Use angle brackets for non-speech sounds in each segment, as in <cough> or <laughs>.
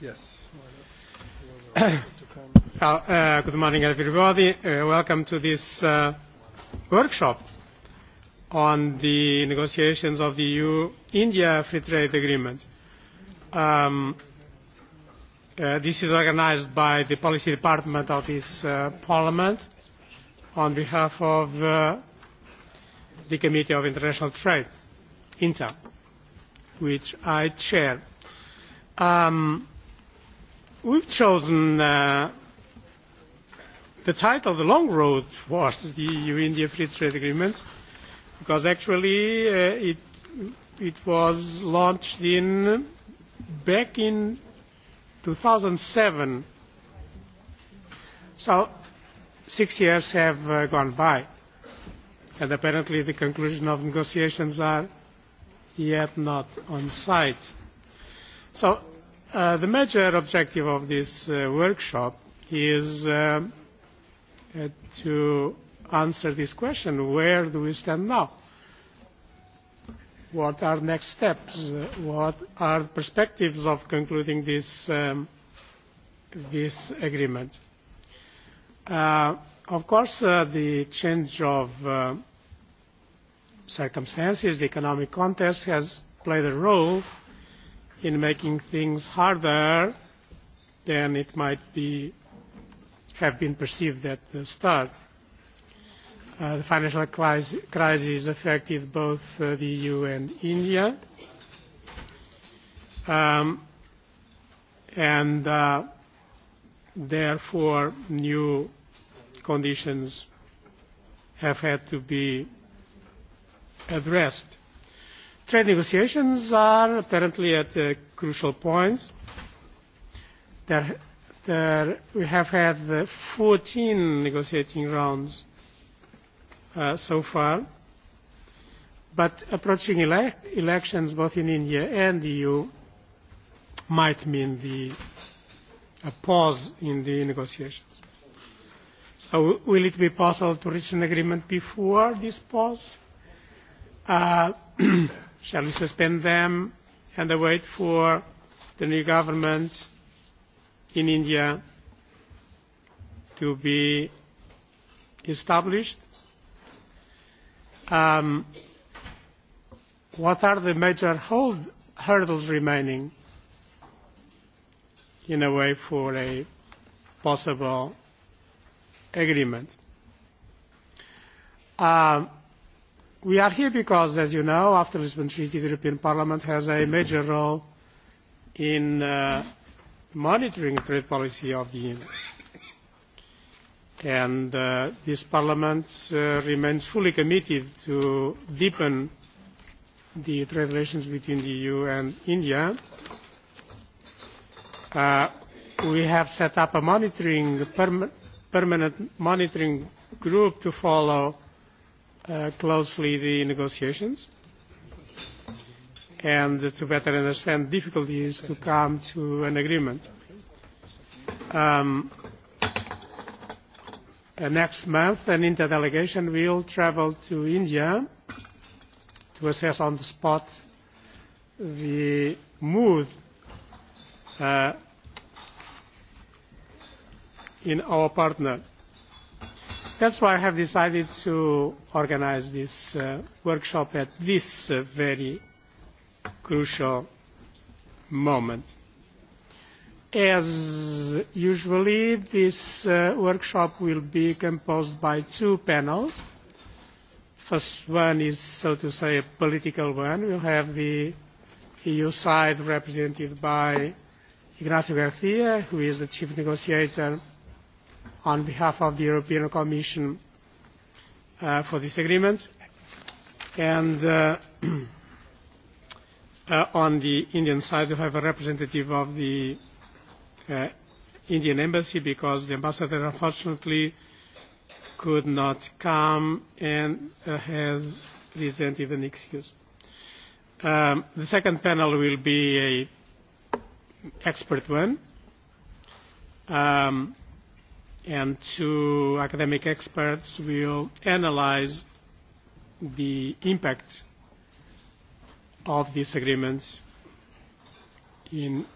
Yes. Eh, good morning, everybody. Uh, welcome to this uh, workshop on the negotiations of the EU-India Free Trade Agreement. Um, uh, this is organized by the Policy Department of this uh, Parliament on behalf of uh, the Committee of International Trade, INTA, which I chair. Um, we've chosen uh, the title of the long road towards the eu india free trade agreement because actually uh, it, it was launched in, back in 2007 so six years have uh, gone by and apparently the conclusion of negotiations are yet not on site So uh, the major objective of this uh, workshop is uh, uh, to answer this question, where do we stand now? What are next steps? Uh, what are the perspectives of concluding this, um, this agreement? Uh, of course, the change of circumstances, the economic context has played a role in making things harder than it might be have been perceived at the start. Uh, the financial crisis affected both uh, the EU and India. Um, and uh, therefore new conditions have had to be addressed trade negotiations are apparently at a uh, crucial points. There, we have had 14 uh, negotiating rounds uh, so far, but approaching elections both in India and the EU might mean the, a pause in the negotiations. So will it be possible to reach an agreement before this pause? Uh, <clears throat> Shall we suspend them and wait for the new government in India to be established? Um, what are the major hurdles remaining in a way for a possible agreement? Um, we are here because as you know after the lisbon treaty the european parliament has a major role in monitoring uh, monitoring trade policy of the union and uh, this parliament uh, remains fully committed to deepen the trade relations between the eu and india. we have set up a monitoring, permanent monitoring group to follow Uh, closely the negotiations and to better understand difficulties to come to an agreement. Um, uh, next month, an Inter delegation will travel to India to assess on the spot the mood uh, in our partner That is why I have decided to organise this uh, workshop at this uh, very crucial moment. As usually, this uh, workshop will be composed by two panels. First one is, so to say, a political one. We have the EU side represented by Ignacio Garcia, who is the chief negotiator on behalf of the European Commission uh, for this agreement and uh, <clears throat> uh, on the Indian side we have a representative of the uh, Indian Embassy because the ambassador unfortunately could not come and uh, has presented an excuse. Um, the second panel will be an expert one. Um, and two academic experts will analyze the impact of these agreements in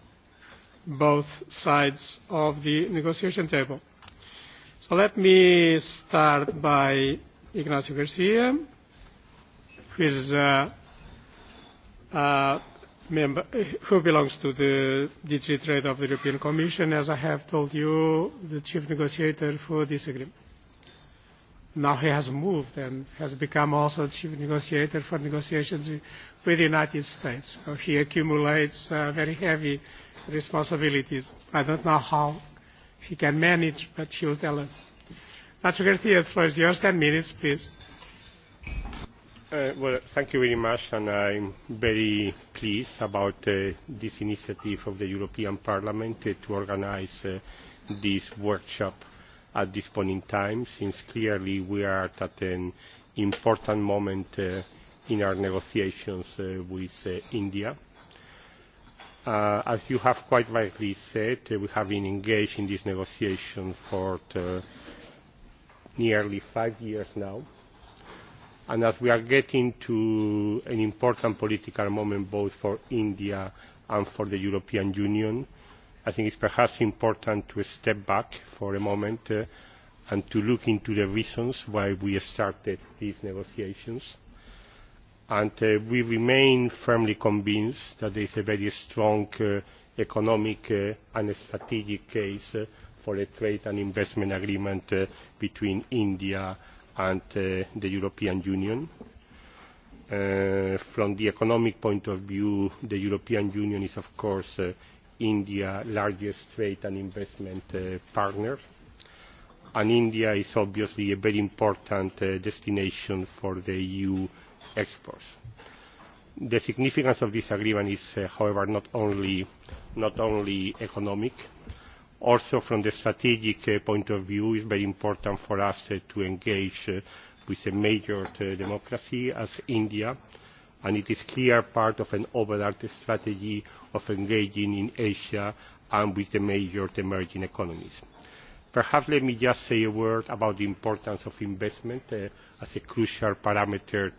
both sides of the negotiation table. So let me start by Ignacio Garcia, who is uh, uh, member who belongs to the DG Trade of the European Commission, as I have told you, the chief negotiator for this agreement. Now he has moved and has become also chief negotiator for negotiations with the United States. So he accumulates uh, very heavy responsibilities. I don't know how he can manage, but he will tell us. Nacho Garcia, the floor is minutes, please. Uh, thank you very much, and I am very pleased about uh, this initiative of the European Parliament uh, to organise this workshop at this point in time, since clearly we are at an important moment in our negotiations with India. As you have quite rightly said, we have been engaged in these negotiations for nearly five years now and as we are getting to an important political moment both for India and for the European Union, I think it is perhaps important to step back for a moment uh, and to look into the reasons why we started these negotiations. And uh, we remain firmly convinced that there is a very strong uh, economic and strategic case for a trade and investment agreement between India and uh, the European Union. Uh, from the economic point of view, the European Union is of course uh, India's largest trade and investment partner and India is obviously a very important destination for the EU exports. The significance of this agreement is, however, not only economic also from the strategic uh, point of view it is very important for us uh, to engage uh, with a major democracy as india and it is clearly part of an overall strategy of engaging in asia and with the major emerging economies. perhaps let me just say a word about the importance of investment as a crucial parameter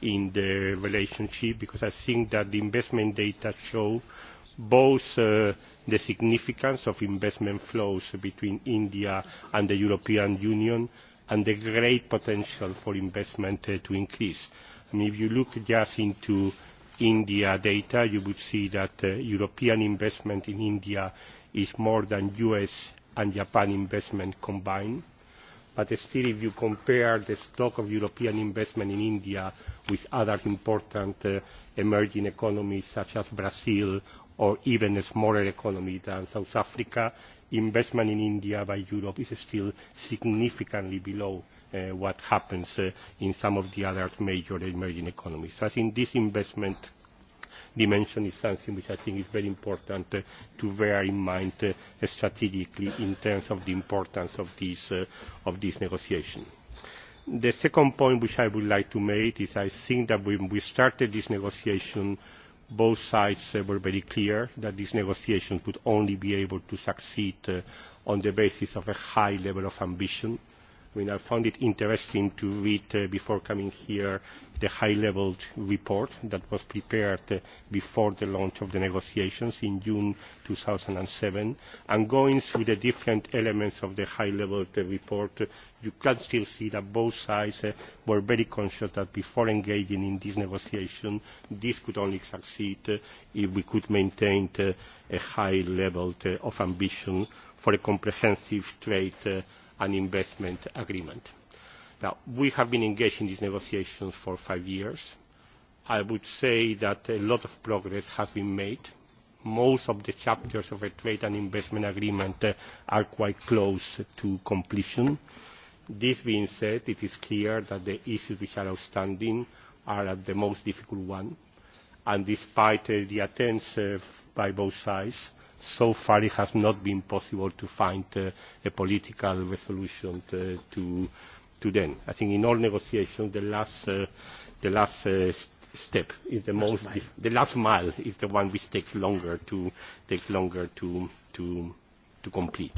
in the relationship because i think that the investment data show both uh, the significance of investment flows between India and the European Union and the great potential for investment uh, to increase. if you look just into India data, you would see that uh, European investment in India is more than US and Japan investment combined. But still, if you compare the stock of European investment in India with other important emerging economies such as Brazil or even a smaller economy than South Africa, investment in India by Europe is still significantly below uh, what happens uh, in some of the other major emerging economies. So I think this investment dimension is something which I think is very important uh, to bear in mind strategically in terms of the importance of this, of negotiation. The second point which I would like to make is I think that when we started this negotiation both sides uh, were very clear that these negotiations would only be able to succeed uh, on the basis of a high level of ambition i found it interesting to read uh, before coming here the high-level report that was prepared uh, before the launch of the negotiations in June 2007. And going through the different elements of the high-level uh, report, you can still see that both sides were very conscious that before engaging in this negotiation, this could only succeed if we could maintain a high level of ambition for a comprehensive trade an investment agreement. Now, we have been engaged in these negotiations for five years. I would say that a lot of progress has been made. Most of the chapters of a trade and investment agreement uh, are quite close to completion. This being said, it is clear that the issues which are outstanding are the most difficult one, and despite uh, the attempts uh, by both sides, so far it has not been possible to find uh, a political resolution uh, to, to, I think in all negotiations, the last, uh, the last uh, step is the most, the last mile is the one which takes longer to, take longer to, to, to complete.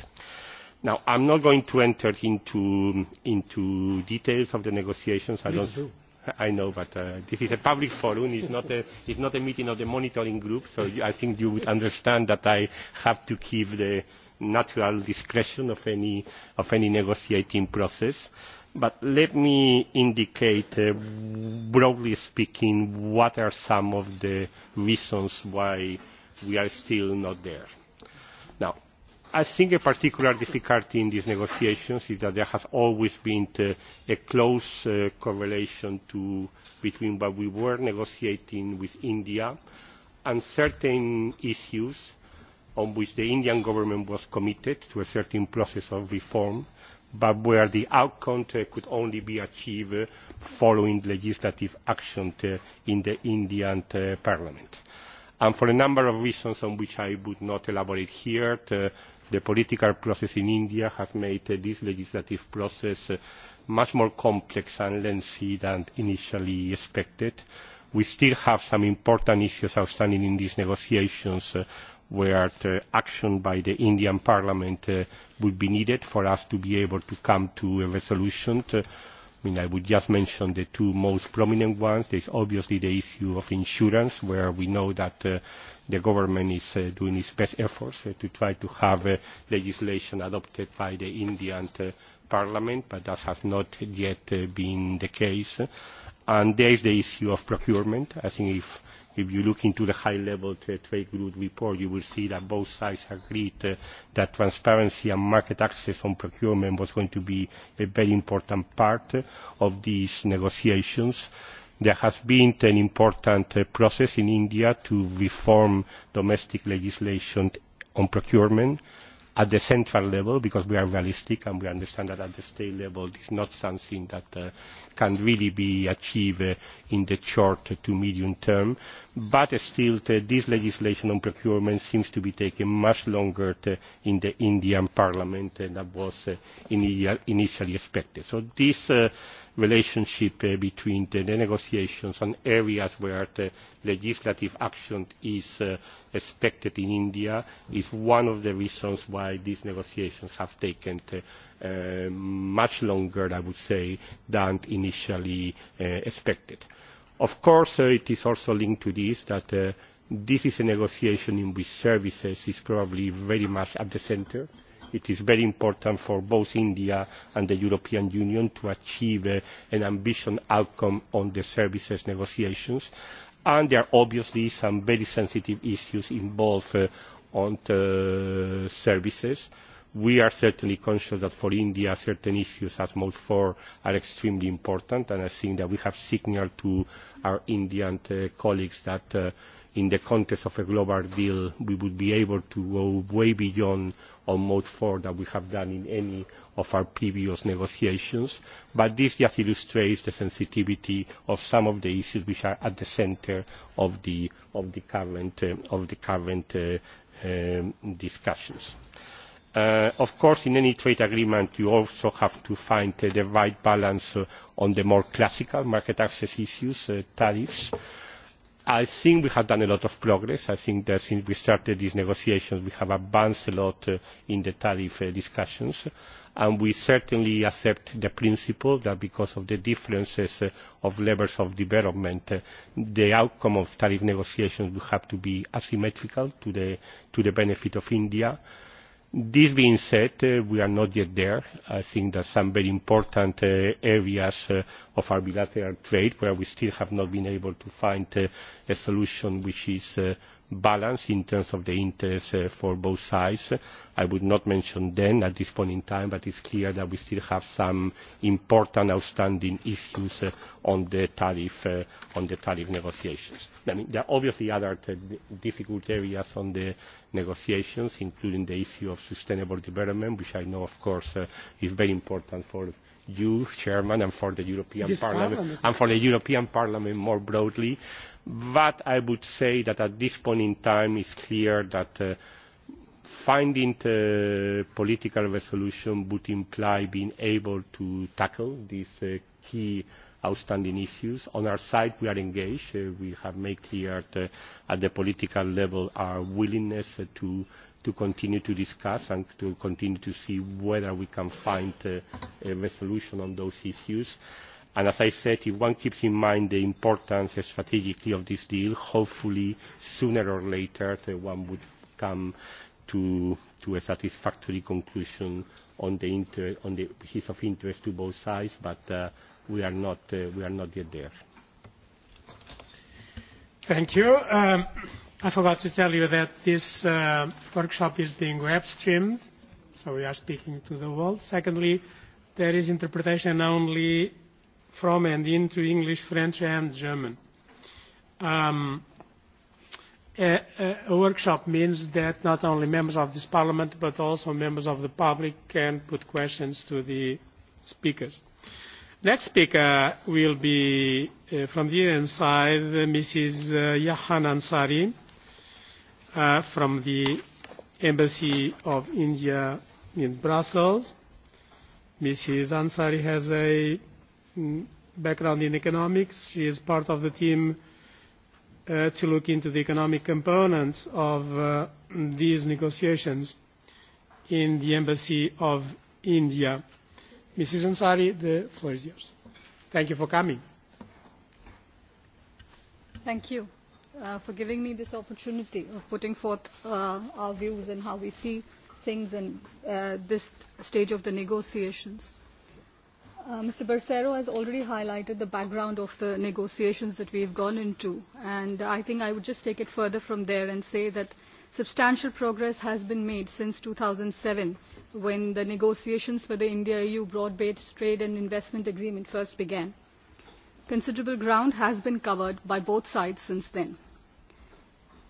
Now, I'm not going to enter into, into details of the negotiations. I don't, i know, but uh, this is a public forum. is not a, not a meeting of the monitoring group, so I think you would understand that I have to keep the natural discretion of any, of any negotiating process. But let me indicate, uh, broadly speaking, what are some of the reasons why we are still not there i think a particular difficulty in these negotiations is that there has always been a close uh, correlation to, between what we were negotiating with India and certain issues on which the Indian government was committed to a certain process of reform, but where the outcome uh, could only be achieved uh, following legislative action in the Indian Parliament. And for a number of reasons on which I would not elaborate here, to the political process in India has made this legislative process uh, much more complex and lengthy than initially expected. We still have some important issues outstanding in these negotiations uh, where uh, action by the Indian Parliament would be needed for us to be able to come to a resolution. I mean, I would just mention the two most prominent ones. There's obviously the issue of insurance, where we know that uh, the government is uh, doing its best efforts uh, to try to have uh, legislation adopted by the Indian uh, Parliament, but that has not yet uh, been the case. And there is the issue of procurement. I think if if you look into the high level trade group report you will see that both sides agreed uh, that transparency and market access on procurement was going to be a very important part uh, of these negotiations. there has been an important uh, process in india to reform domestic legislation on procurement at the central level because we are realistic and we understand that at the state level it is not something that uh, can really be achieved uh, in the short to medium term but uh, still this legislation on procurement seems to be taking much longer to, uh, in the indian parliament than was uh, initially expected. so this uh, relationship uh, between the negotiations and areas where the legislative action is uh, expected in India is one of the reasons why these negotiations have taken uh, much longer, I would say, than initially expected. Of course, it is also linked to this that this is a negotiation in which services is probably very much at the centre it is very important for both india and the european union to achieve uh, an ambitious outcome on the services negotiations and there are obviously some very sensitive issues involved uh, on the services we are certainly conscious that for India certain issues as mode 4 are extremely important and I think that we have signalled to our Indian uh, colleagues that in the context of a global deal, we would be able to go way beyond on mode four that we have done in any of our previous negotiations. But this just illustrates the sensitivity of some of the issues which are at the center of the, of the current, uh, of the current uh, um, discussions. Uh, of course in any trade agreement you also have to find the right balance uh, on the more classical market access issues uh, tariffs i think we have done a lot of progress. I think that since we started these negotiations, we have advanced a lot uh, in the tariff uh, discussions. And we certainly accept the principle that because of the differences uh, of levels of development, the outcome of tariff negotiations will have to be asymmetrical to the, to the benefit of India This being said, uh, we are not yet there. I think that some very important uh, areas uh, of our bilateral trade where we still have not been able to find a solution which is balance in terms of the interests uh, for both sides. I would not mention them at this point in time, but it is clear that we still have some important outstanding issues uh, on the tariff, uh, on the tariff negotiations. I mean, there are obviously other difficult areas on the negotiations, including the issue of sustainable development, which I know, of course, is very important for you, Chairman, and for the European Parliament, and for the European Parliament more broadly but i would say that at this point in time it is clear that uh, finding a uh, political resolution would imply being able to tackle these uh, key outstanding issues. on our side we are engaged. we have made clear at the political level our willingness to to continue to discuss and to continue to see whether we can find a resolution on those issues and as i said if one keeps in mind the importance strategically of this deal hopefully sooner or later the one would come to, to a satisfactory conclusion on the inter on the piece of interest to both sides but uh, we are not uh, we are not yet there thank you um, i forgot to tell you that this uh, workshop is being web streamed so we are speaking to the world secondly there is interpretation only from and into English, French and German. Um, a, workshop means that not only members of this Parliament but also members of the public can put questions to the speakers. Next speaker will be uh, from the UN side, Mrs. Uh, Yahan Ansari uh, from the Embassy of India in Brussels. Mrs. Ansari has a background in economics. She is part of the team uh, to look into the economic components of uh, these negotiations in the Embassy of India. Mrs. Ansari, the floor is yours. Thank you for coming. Thank you uh, for giving me this opportunity of putting forth our views and how we see things in this stage of the negotiations. Uh, Mr. Bercero has already highlighted the background of the negotiations that we have gone into, and I think I would just take it further from there and say that substantial progress has been made since 2007, when the negotiations for the India-EU broad-based trade and investment agreement first began. Considerable ground has been covered by both sides since then.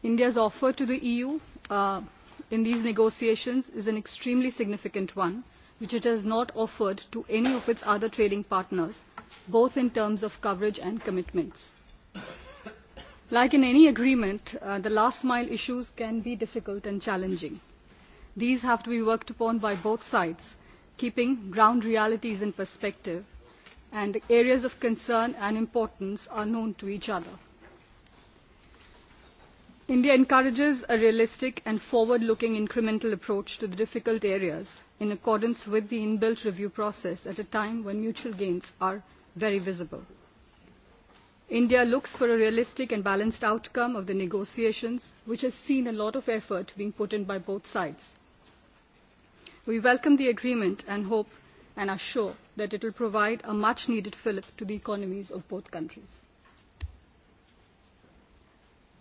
India's offer to the EU uh, in these negotiations is an extremely significant one which it has not offered to any of its other trading partners both in terms of coverage and commitments. like in any agreement uh, the last mile issues can be difficult and challenging. these have to be worked upon by both sides keeping ground realities in perspective and the areas of concern and importance are known to each other. india encourages a realistic and forward looking incremental approach to the difficult areas in accordance with the inbuilt review process at a time when mutual gains are very visible. India looks for a realistic and balanced outcome of the negotiations, which has seen a lot of effort being put in by both sides. We welcome the agreement and hope and are sure that it will provide a much needed fillip to the economies of both countries.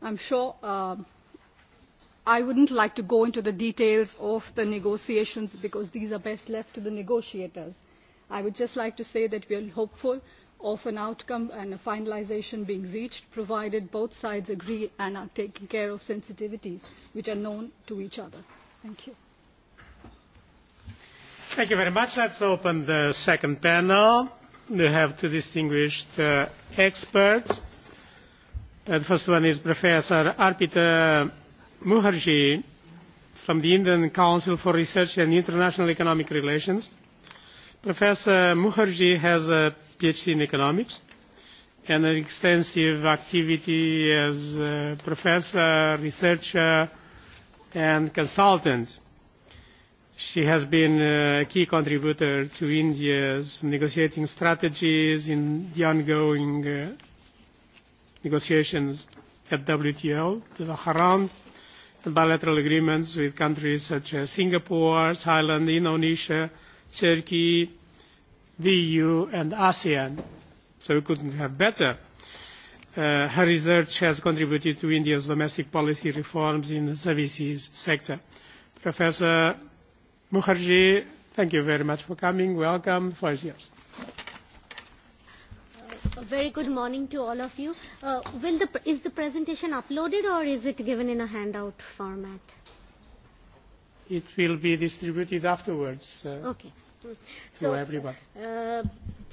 I am sure uh, i would not like to go into the details of the negotiations because these are best left to the negotiators. i would just like to say that we are hopeful of an outcome and a finalisation being reached provided both sides agree and are taking care of sensitivities which are known to each other. thank you. thank you let open the second panel. we have two distinguished uh, experts. Uh, the first one is professor arpita Mukherjee from the Indian Council for Research and International Economic Relations. Professor Mukherjee has a PhD in economics and an extensive activity as a professor, researcher and consultant. She has been a key contributor to India's negotiating strategies in the ongoing uh, negotiations at WTO, the Doha bilateral agreements with countries such as Singapore, Thailand, Indonesia, Turkey, the EU and ASEAN. So we couldn't have better. Uh, her research has contributed to India's domestic policy reforms in the services sector. Professor Mukherjee, thank you very much for coming. Welcome. The years. A very good morning to all of you. Uh, will the, is the presentation uploaded or is it given in a handout format? It will be distributed afterwards uh, okay. Mm. so, everyone. Uh,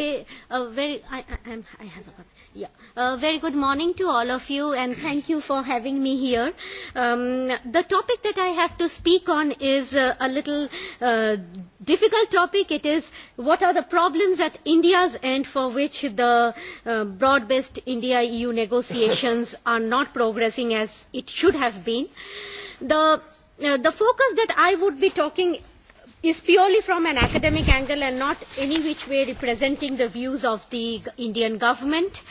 pay, uh, very, I, I, I'm, I have a, yeah. Uh, very good morning to all of you and thank you for having me here. Um, the topic that I have to speak on is uh, a little uh, difficult topic. It is what are the problems at India's end for which the uh, broad-based India-EU negotiations <laughs> are not progressing as it should have been. The Uh, the focus that I would be talking is purely from an academic angle and not any which way representing the views of the Indian government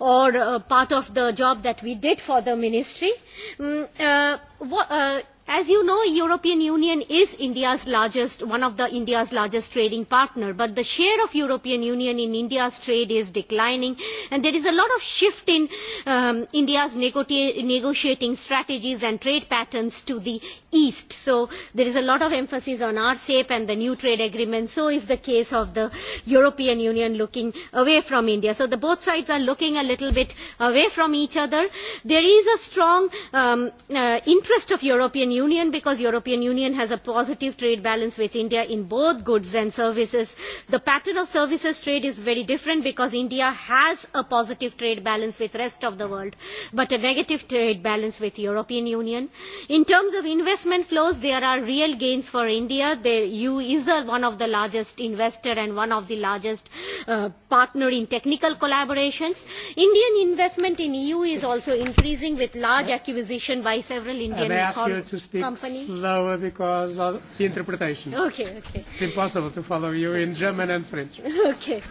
or uh, part of the job that we did for the ministry. Mm, uh, what, uh, as you know european union is india's largest one of the india's largest trading partner but the share of european union in india's trade is declining and there is a lot of shift in um, india's negotiating strategies and trade patterns to the east so there is a lot of emphasis on rcep and the new trade agreement so is the case of the european union looking away from india so the both sides are looking a little bit away from each other there is a strong um, uh, interest of european union because european union has a positive trade balance with india in both goods and services the pattern of services trade is very different because india has a positive trade balance with the rest of the world but a negative trade balance with the european union in terms of investment flows there are real gains for india the eu is one of the largest investor and one of the largest uh, partner in technical collaborations indian investment in eu is also increasing with large acquisition by several uh, indian uh, Company? slower because of the interpretation. Okay, okay. It's impossible to follow you in German and French. <laughs> Okay.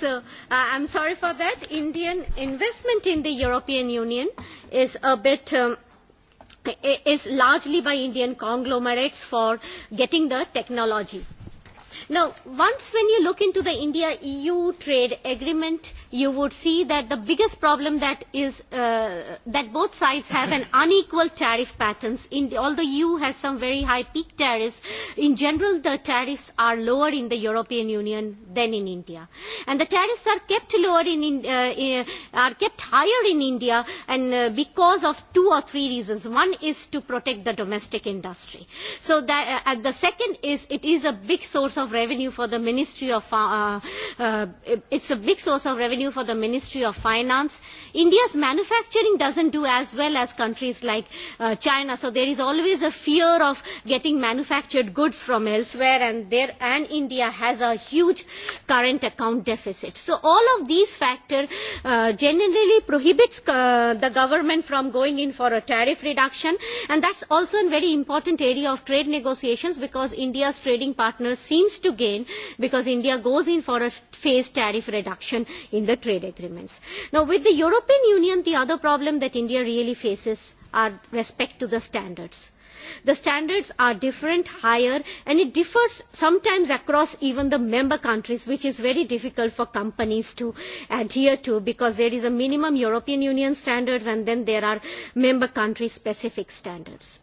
So uh, I'm sorry for that. Indian investment in the European Union is a bit um, is largely by Indian conglomerates for getting the technology. Now, once when you look into the India-EU trade agreement, you would see that the biggest problem that is uh, that both sides have an unequal tariff patterns in the, although eu has some very high peak tariffs in general the tariffs are lower in the european union than in india and the tariffs are kept lower in, uh, uh, are kept higher in india and uh, because of two or three reasons one is to protect the domestic industry so that uh, and the second is it is a big source of revenue for the ministry of uh, it's a big source of revenue for the ministry of finance india's manufacturing doesn't do as well as countries like uh, china so there is always a fear of getting manufactured goods from elsewhere and there and india has a huge current account deficit so all of these factors uh, generally prohibits uh, the government from going in for a tariff reduction and that's also a very important area of trade negotiations because india's trading partners seems to gain because india goes in for a phase tariff reduction in the trade agreements. Now, with the European Union, the other problem that India really faces are respect to the standards. The standards are different, higher, and it differs sometimes across even the member countries, which is very difficult for companies to adhere to because there is a minimum European Union standards and then there are member country specific standards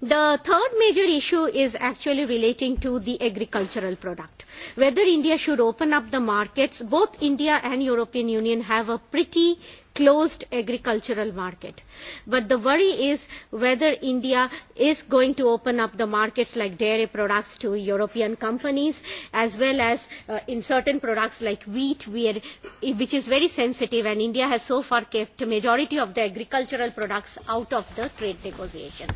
The third major issue is actually relating to the agricultural product. Whether India should open up the markets, both India and European Union have a pretty closed agricultural market. But the worry is whether India is going to open up the markets like dairy products to European companies as well as uh, in certain products like wheat where, which is very sensitive and India has so far kept the majority of the agricultural products out of the trade negotiation.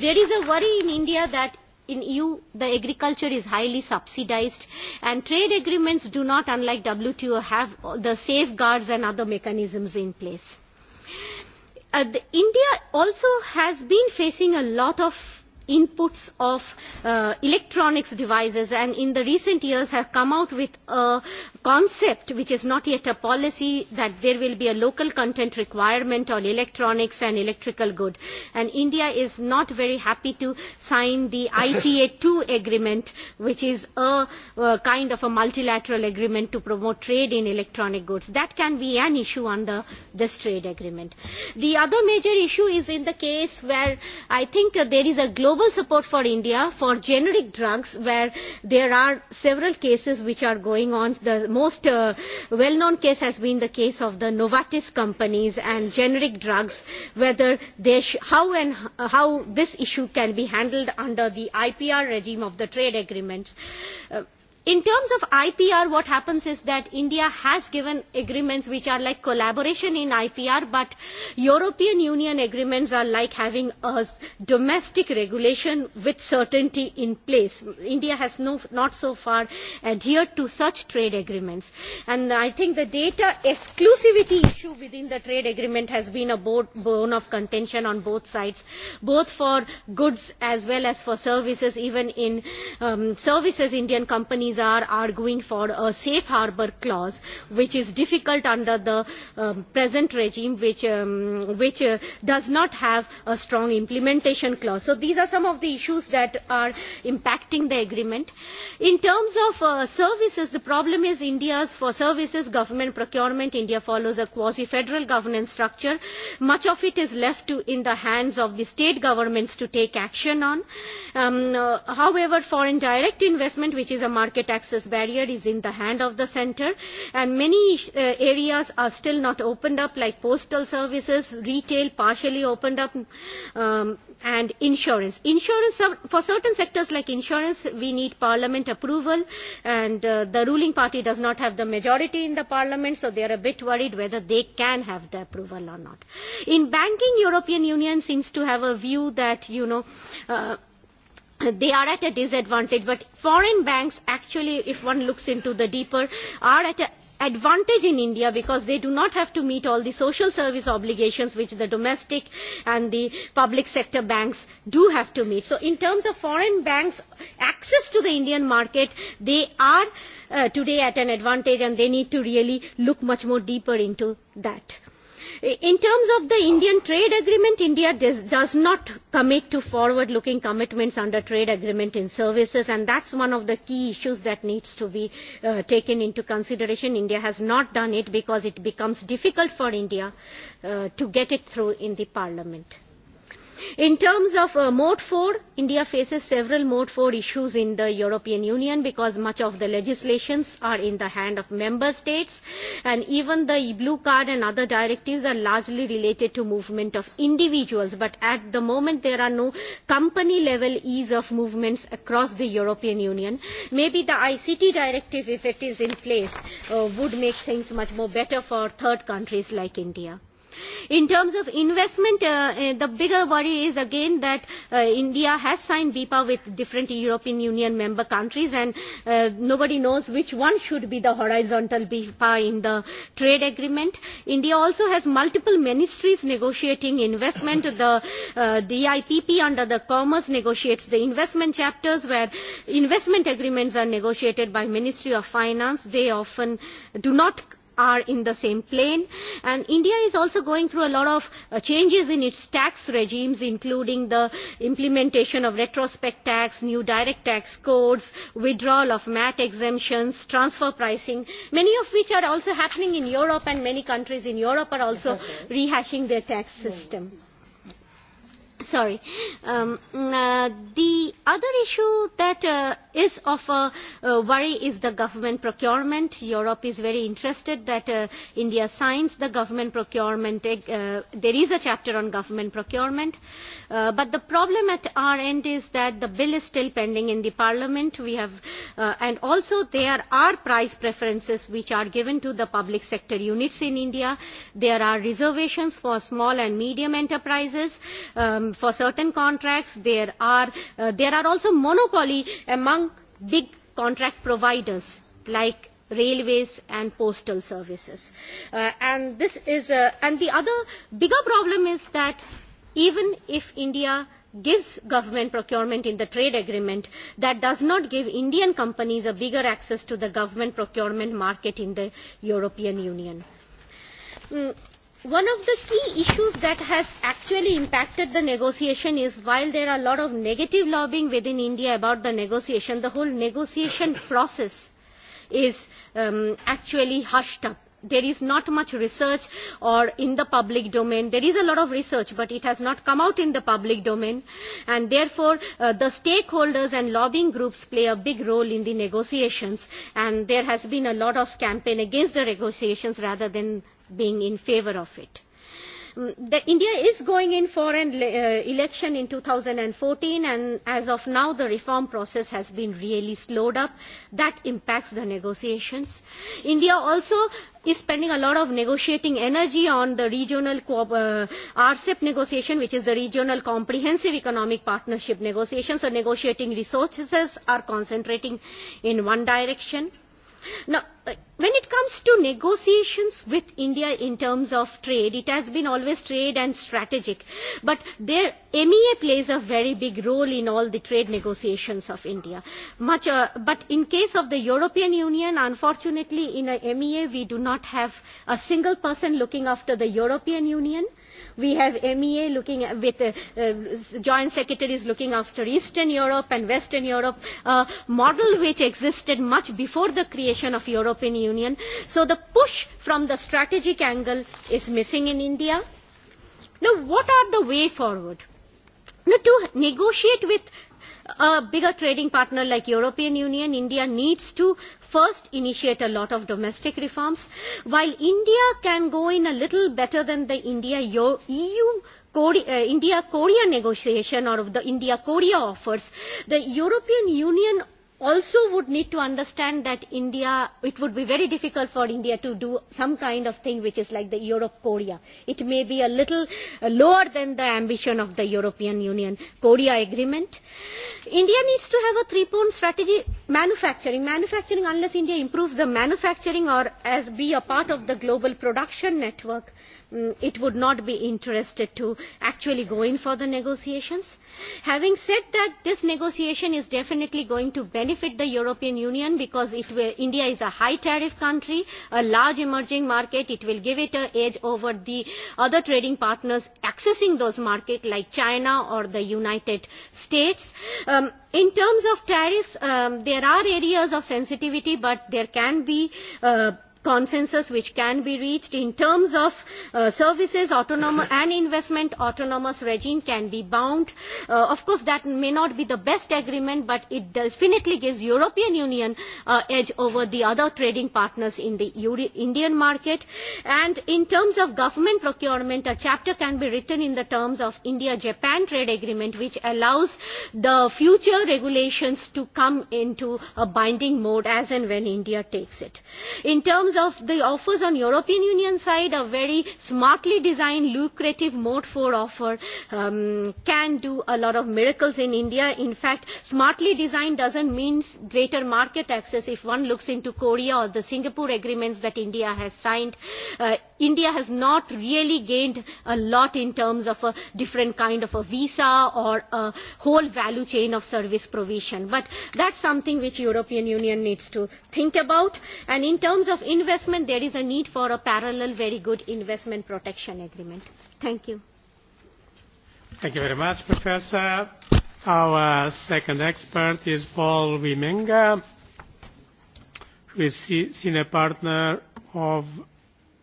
There is a worry in India that in eu the agriculture is highly subsidized and trade agreements do not unlike wto have the safeguards and other mechanisms in place uh, the, india also has been facing a lot of inputs of uh, electronics devices and in the recent years have come out with a concept which is not yet a policy that there will be a local content requirement on electronics and electrical goods and India is not very happy to sign the ITA 2 <laughs> agreement which is a, kind of a multilateral agreement to promote trade in electronic goods. That can be an issue under this trade agreement. The other major issue is in the case where I think uh, there is a global global support for India for generic drugs where there are several cases which are going on. The most uh, well-known case has been the case of the Novartis companies and generic drugs, whether they how, and, how this issue can be handled under the IPR regime of the trade agreements. Uh, in terms of ipr what happens is that india has given agreements which are like collaboration in ipr but european union agreements are like having a domestic regulation with certainty in place india has no, not so far adhered to such trade agreements and i think the data exclusivity issue within the trade agreement has been a bone of contention on both sides both for goods as well as for services even in um, services indian companies are arguing for a safe harbor clause which is difficult under the um, present regime which, um, which uh, does not have a strong implementation clause. So these are some of the issues that are impacting the agreement. In terms of uh, services, the problem is India's for services, government procurement, India follows a quasi-federal governance structure. Much of it is left to, in the hands of the state governments to take action on. Um, uh, however, foreign direct investment, which is a market access barrier is in the hand of the centre and many uh, areas are still not opened up like postal services retail partially opened up um, and insurance. insurance for certain sectors like insurance we need parliament approval and uh, the ruling party does not have the majority in the parliament so they are a bit worried whether they can have the approval or not. in banking european union seems to have a view that you know uh, they are at a disadvantage but foreign banks actually if one looks into the deeper are at an advantage in india because they do not have to meet all the social service obligations which the domestic and the public sector banks do have to meet so in terms of foreign banks access to the indian market they are uh, today at an advantage and they need to really look much more deeper into that in terms of the indian trade agreement india does, does not commit to forward looking commitments under trade agreement in services and that's one of the key issues that needs to be uh, taken into consideration india has not done it because it becomes difficult for india uh, to get it through in the parliament in terms of uh, mode 4 india faces several mode 4 issues in the european union because much of the legislations are in the hand of member states and even the blue card and other directives are largely related to movement of individuals but at the moment there are no company level ease of movements across the european union maybe the ict directive if it is in place uh, would make things much more better for third countries like india In terms of investment, uh, uh, the bigger worry is again that uh, India has signed BIPA with different European Union member countries and uh, nobody knows which one should be the horizontal BIPA in the trade agreement. India also has multiple ministries negotiating investment. <coughs> The uh, DIPP under the Commerce negotiates the investment chapters where investment agreements are negotiated by Ministry of Finance. They often do not are in the same plane and india is also going through a lot of uh, changes in its tax regimes including the implementation of retrospect tax new direct tax codes withdrawal of mat exemptions transfer pricing many of which are also happening in europe and many countries in europe are also rehashing their tax system Sorry. Um, uh, the other issue that uh, is of a uh, worry is the government procurement. Europe is very interested that India signs the government procurement. there is a chapter on government procurement. but the problem at our end is that the bill is still pending in the parliament. We have, and also there are price preferences which are given to the public sector units in India. There are reservations for small and medium enterprises. Um, for certain contracts there are uh, there are also monopoly among big contract providers like railways and postal services uh, and this is uh, and the other bigger problem is that even if india gives government procurement in the trade agreement that does not give indian companies a bigger access to the government procurement market in the european union mm, one of the key issues that has actually impacted the negotiation is while there are a lot of negative lobbying within india about the negotiation the whole negotiation <laughs> process is um, actually hushed up there is not much research or in the public domain there is a lot of research but it has not come out in the public domain and therefore uh, the stakeholders and lobbying groups play a big role in the negotiations and there has been a lot of campaign against the negotiations rather than being in favour of it. Mm, the India is going in for an uh, election in 2014 and as of now the reform process has been really slowed up. That impacts the negotiations. India also is spending a lot of negotiating energy on the regional uh, RCEP negotiation, which is the regional comprehensive economic partnership negotiation. So negotiating resources are concentrating in one direction Now, uh, when it comes to negotiations with India in terms of trade, it has been always trade and strategic. But their MEA plays a very big role in all the trade negotiations of India. Much, uh, but in case of the European Union, unfortunately, in a MEA, we do not have a single person looking after the European Union we have mea looking at, with uh, joint secretaries looking after eastern europe and western europe a model which existed much before the creation of european union so the push from the strategic angle is missing in india now what are the way forward now to negotiate with a bigger trading partner like european union india needs to first initiate a lot of domestic reforms while india can go in a little better than the india eu uh, india korea negotiation or the india korea offers the european union also would need to understand that India, it would be very difficult for India to do some kind of thing which is like the Europe Korea. It may be a little uh, lower than the ambition of the European Union Korea agreement. India needs to have a three point strategy, manufacturing. Manufacturing, unless India improves the manufacturing or as be a part of the global production network, Mm, it would not be interested to actually go in for the negotiations. Having said that, this negotiation is definitely going to benefit the European Union because it will, India is a high tariff country, a large emerging market. It will give it an edge over the other trading partners accessing those markets like China or the United States. Um, in terms of tariffs, um, there are areas of sensitivity, but there can be uh, consensus which can be reached in terms of uh, services autonomous <coughs> and investment autonomous regime can be bound uh, of course that may not be the best agreement but it definitely gives european union uh, edge over the other trading partners in the indian market and in terms of government procurement a chapter can be written in the terms of india japan trade agreement which allows the future regulations to come into a binding mode as and when india takes it in terms terms of the offers on European Union side, a very smartly designed, lucrative Mode for offer um, can do a lot of miracles in India. In fact, smartly designed doesn't mean greater market access. If one looks into Korea or the Singapore agreements that India has signed, uh, India has not really gained a lot in terms of a different kind of a visa or a whole value chain of service provision. But that's something which European Union needs to think about. And in terms of investment, there is a need for a parallel very good investment protection agreement. Thank you. Thank you very much, Professor. Our second expert is Paul Wimenga, who is senior partner of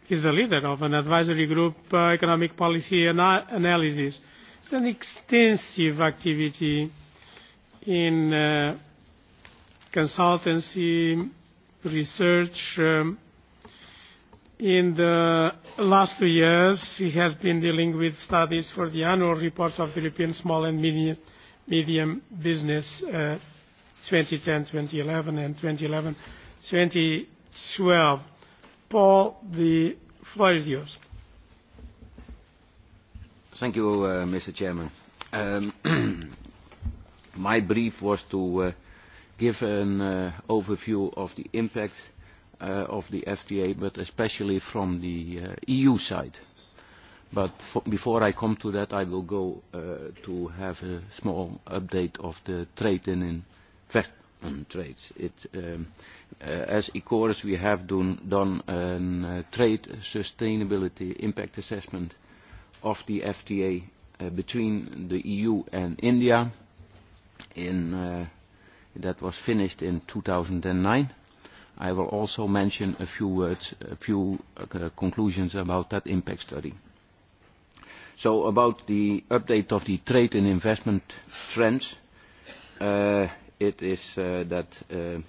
is the leader of an advisory group uh, economic policy ana analysis. It's an extensive activity in uh, consultancy, research. Um, in the last two years, he has been dealing with studies for the annual reports of the European Small and Medium, medium Business uh, 2010-2011 and 2011-2012 for the is yours. Thank you, uh, Mr. Chairman. Um, <clears throat> my brief was to uh, give an uh, overview of the impact uh, of the FTA, but especially from the EU side. But before I come to that, I will go uh, to have a small update of the trade in, in on trade. It, um, uh, as ECORS we have done, done a uh, trade sustainability impact assessment of the FTA uh, between the EU and India. In, that was finished in 2009. I will also mention a few words, a few conclusions about that impact study. So about the update of the trade and investment trends, uh, it is uh, that uh,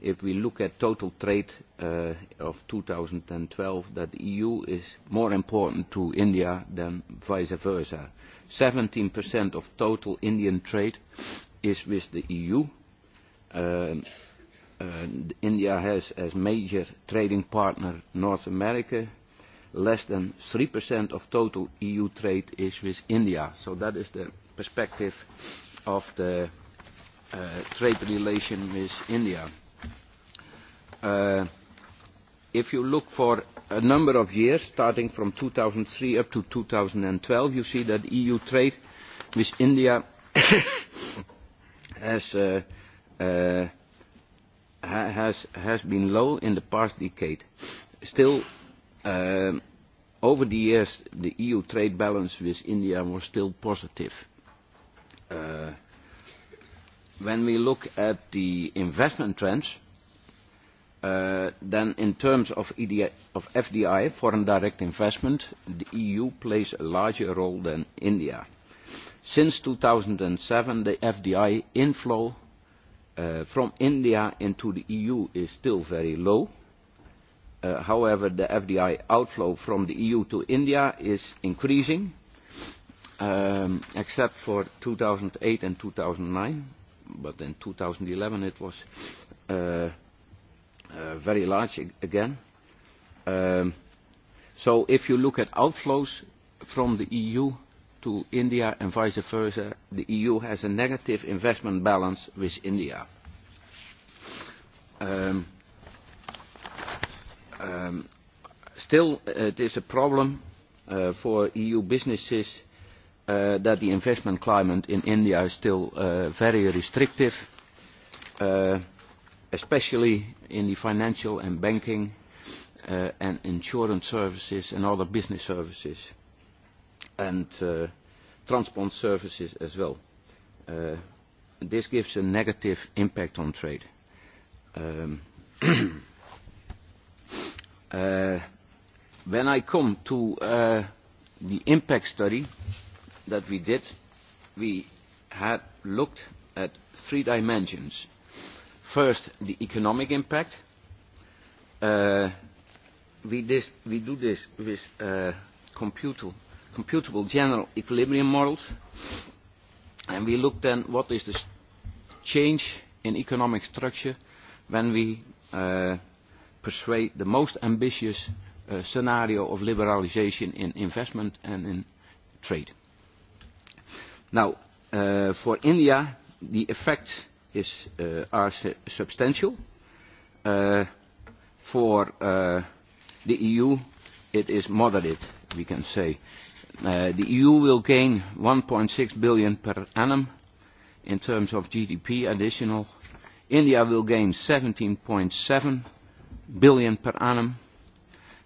if we look at total trade uh, of 2012, that the EU is more important to India than vice versa. 17% of total Indian trade is with the EU. Um, India has as major trading partner North America. Less than 3% of total EU trade is with India. So that is the perspective of the uh, trade relation with India. Uh, if you look for a number of years, starting from 2003 up to 2012, you see that EU trade with India <coughs> has, uh, uh, has, has been low in the past decade. Still, over the years, the EU trade balance with India was still positive. Uh, when we look at the investment trends, uh, then in terms of, EDI, of FDI, foreign direct investment, the EU plays a larger role than India. Since 2007, the FDI inflow uh, from India into the EU is still very low. Uh, however, the FDI outflow from the EU to India is increasing, um, except for 2008 and 2009 but in 2011 it was uh, uh, very large again. Um, so if you look at outflows from the EU to India and vice versa, the EU has a negative investment balance with India. Um, um still, it is a problem uh, for EU businesses Uh, that the investment climate in India is still uh, very restrictive, uh, especially in the financial and banking uh, and insurance services and other business services and uh, transport services as well. Uh, this gives a negative impact on trade. Um, <coughs> uh, when I come to uh, the impact study, that we did, we had looked at three dimensions. First, the economic impact. Uh, we, this, we do this with uh, computable, computable general equilibrium models. And we look then what is the change in economic structure when we uh, persuade the most ambitious uh, scenario of liberalization in investment and in trade. Now, uh, for India, the effects is uh, are substantial. Uh, for the EU, it is moderate, we can say. the EU will gain 1.6 billion per annum in terms of GDP additional. India will gain 17.7 billion per annum,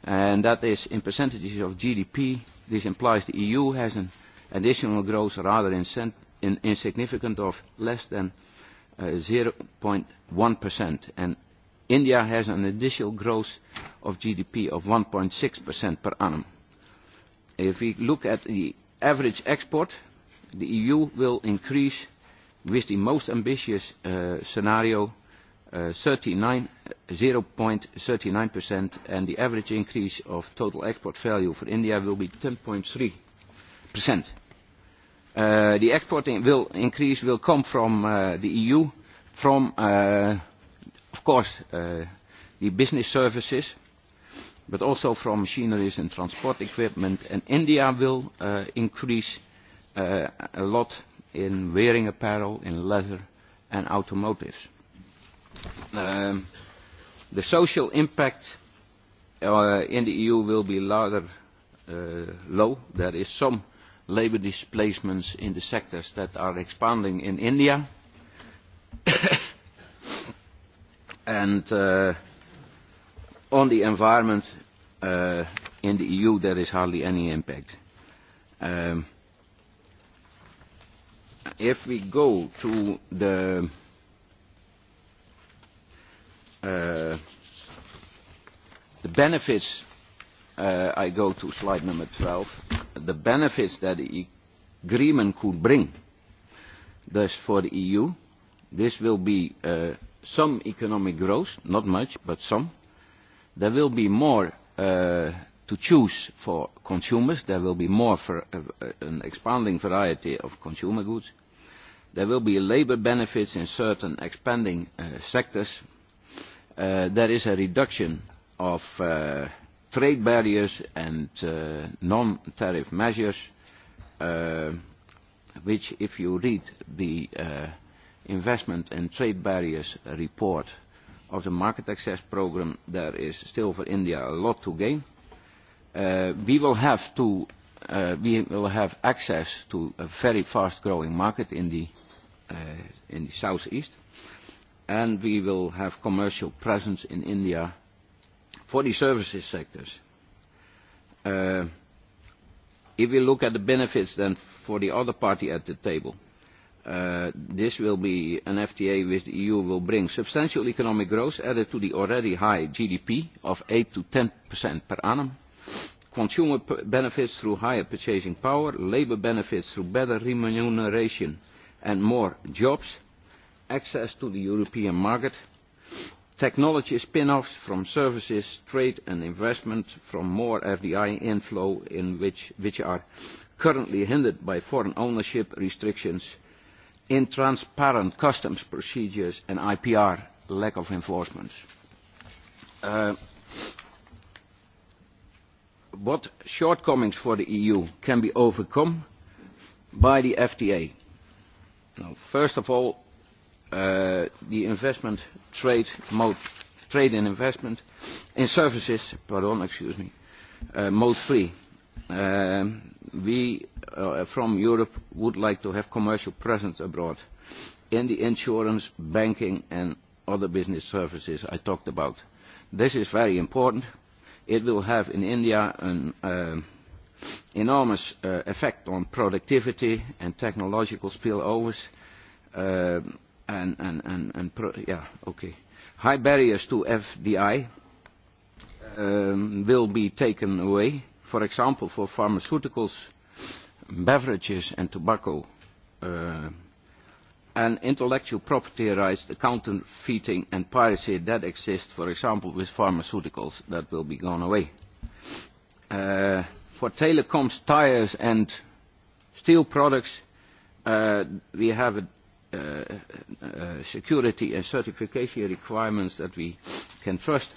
and that is in percentages of GDP. This implies the EU has an additional growth rather insignificant of less than 0.1%. Uh, and India has an additional growth of GDP of 1.6% per annum. If we look at the average export, the EU will increase with the most ambitious uh, scenario uh, 0.39% and the average increase of total export value for India will be 10.3% percent. the eh, export will increase will come from eh, the EU, from, eh, of course, the business services, but also from machinery and transport equipment. And India will increase a lot in wearing apparel, in leather and automotives. Um, the social impact in the EU will be rather low. There is some labour displacements in the sectors that are expanding in India. <coughs> and uh, on the environment uh, in the EU there is hardly any impact. Um, if we go to the uh, the benefits Uh, I go to slide number 12, the benefits that the agreement could bring. Thus, for the EU, this will be uh, some economic growth, not much, but some. There will be more uh, to choose for consumers. There will be more for an expanding variety of consumer goods. There will be labor benefits in certain expanding sectors. there is a reduction of uh, trade barriers and uh, non-tariff measures, uh, which if you read the uh, investment and trade barriers report of the market access program, there is still for India a lot to gain. Uh, we will have to uh, we will have access to a very fast growing market in the uh, in the southeast and we will have commercial presence in India for the services sectors. Uh, if we look at the benefits then for the other party at the table, uh, this will be an FTA which the EU will bring substantial economic growth added to the already high GDP of 8 to 10% per annum, consumer benefits through higher purchasing power, labor benefits through better remuneration and more jobs, access to the European market, technology spin offs from services trade and investment from more fdi inflow which, are currently hindered by foreign ownership restrictions in transparent customs procedures and ipr lack of enforcement. Uh, what shortcomings for the eu can be overcome by the fta? first of all Uh, the investment trade mode, trade and investment in services, pardon, excuse me, uh, mode three. Um, we uh, from Europe would like to have commercial presence abroad in the insurance, banking and other business services I talked about. This is very important. It will have in India an um, enormous uh, effect on productivity and technological spillovers. Um, and, and, and, pro yeah, okay. High barriers to FDI um, will be taken away, for example, for pharmaceuticals, beverages and tobacco, uh, and intellectual property rights, the counterfeiting and piracy that exist, for example, with pharmaceuticals, that will be gone away. Uh, for telecoms, tires and steel products, uh, we have a Uh, uh, security and certification requirements that we can trust,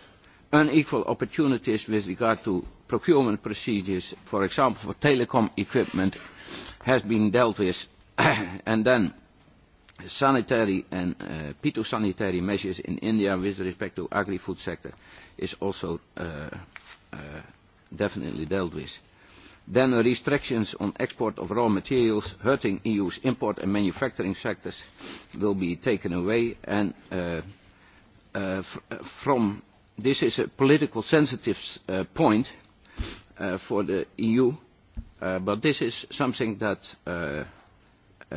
unequal opportunities with regard to procurement procedures, for example for telecom equipment, has been dealt with, <coughs> and then sanitary and uh, measures in India with respect to agri-food sector is also uh, definitely dealt with Then restrictions on export of raw materials hurting EU's import and manufacturing sectors will be taken away and uh, uh, this is a political sensitive uh, point for the EU, but this is something that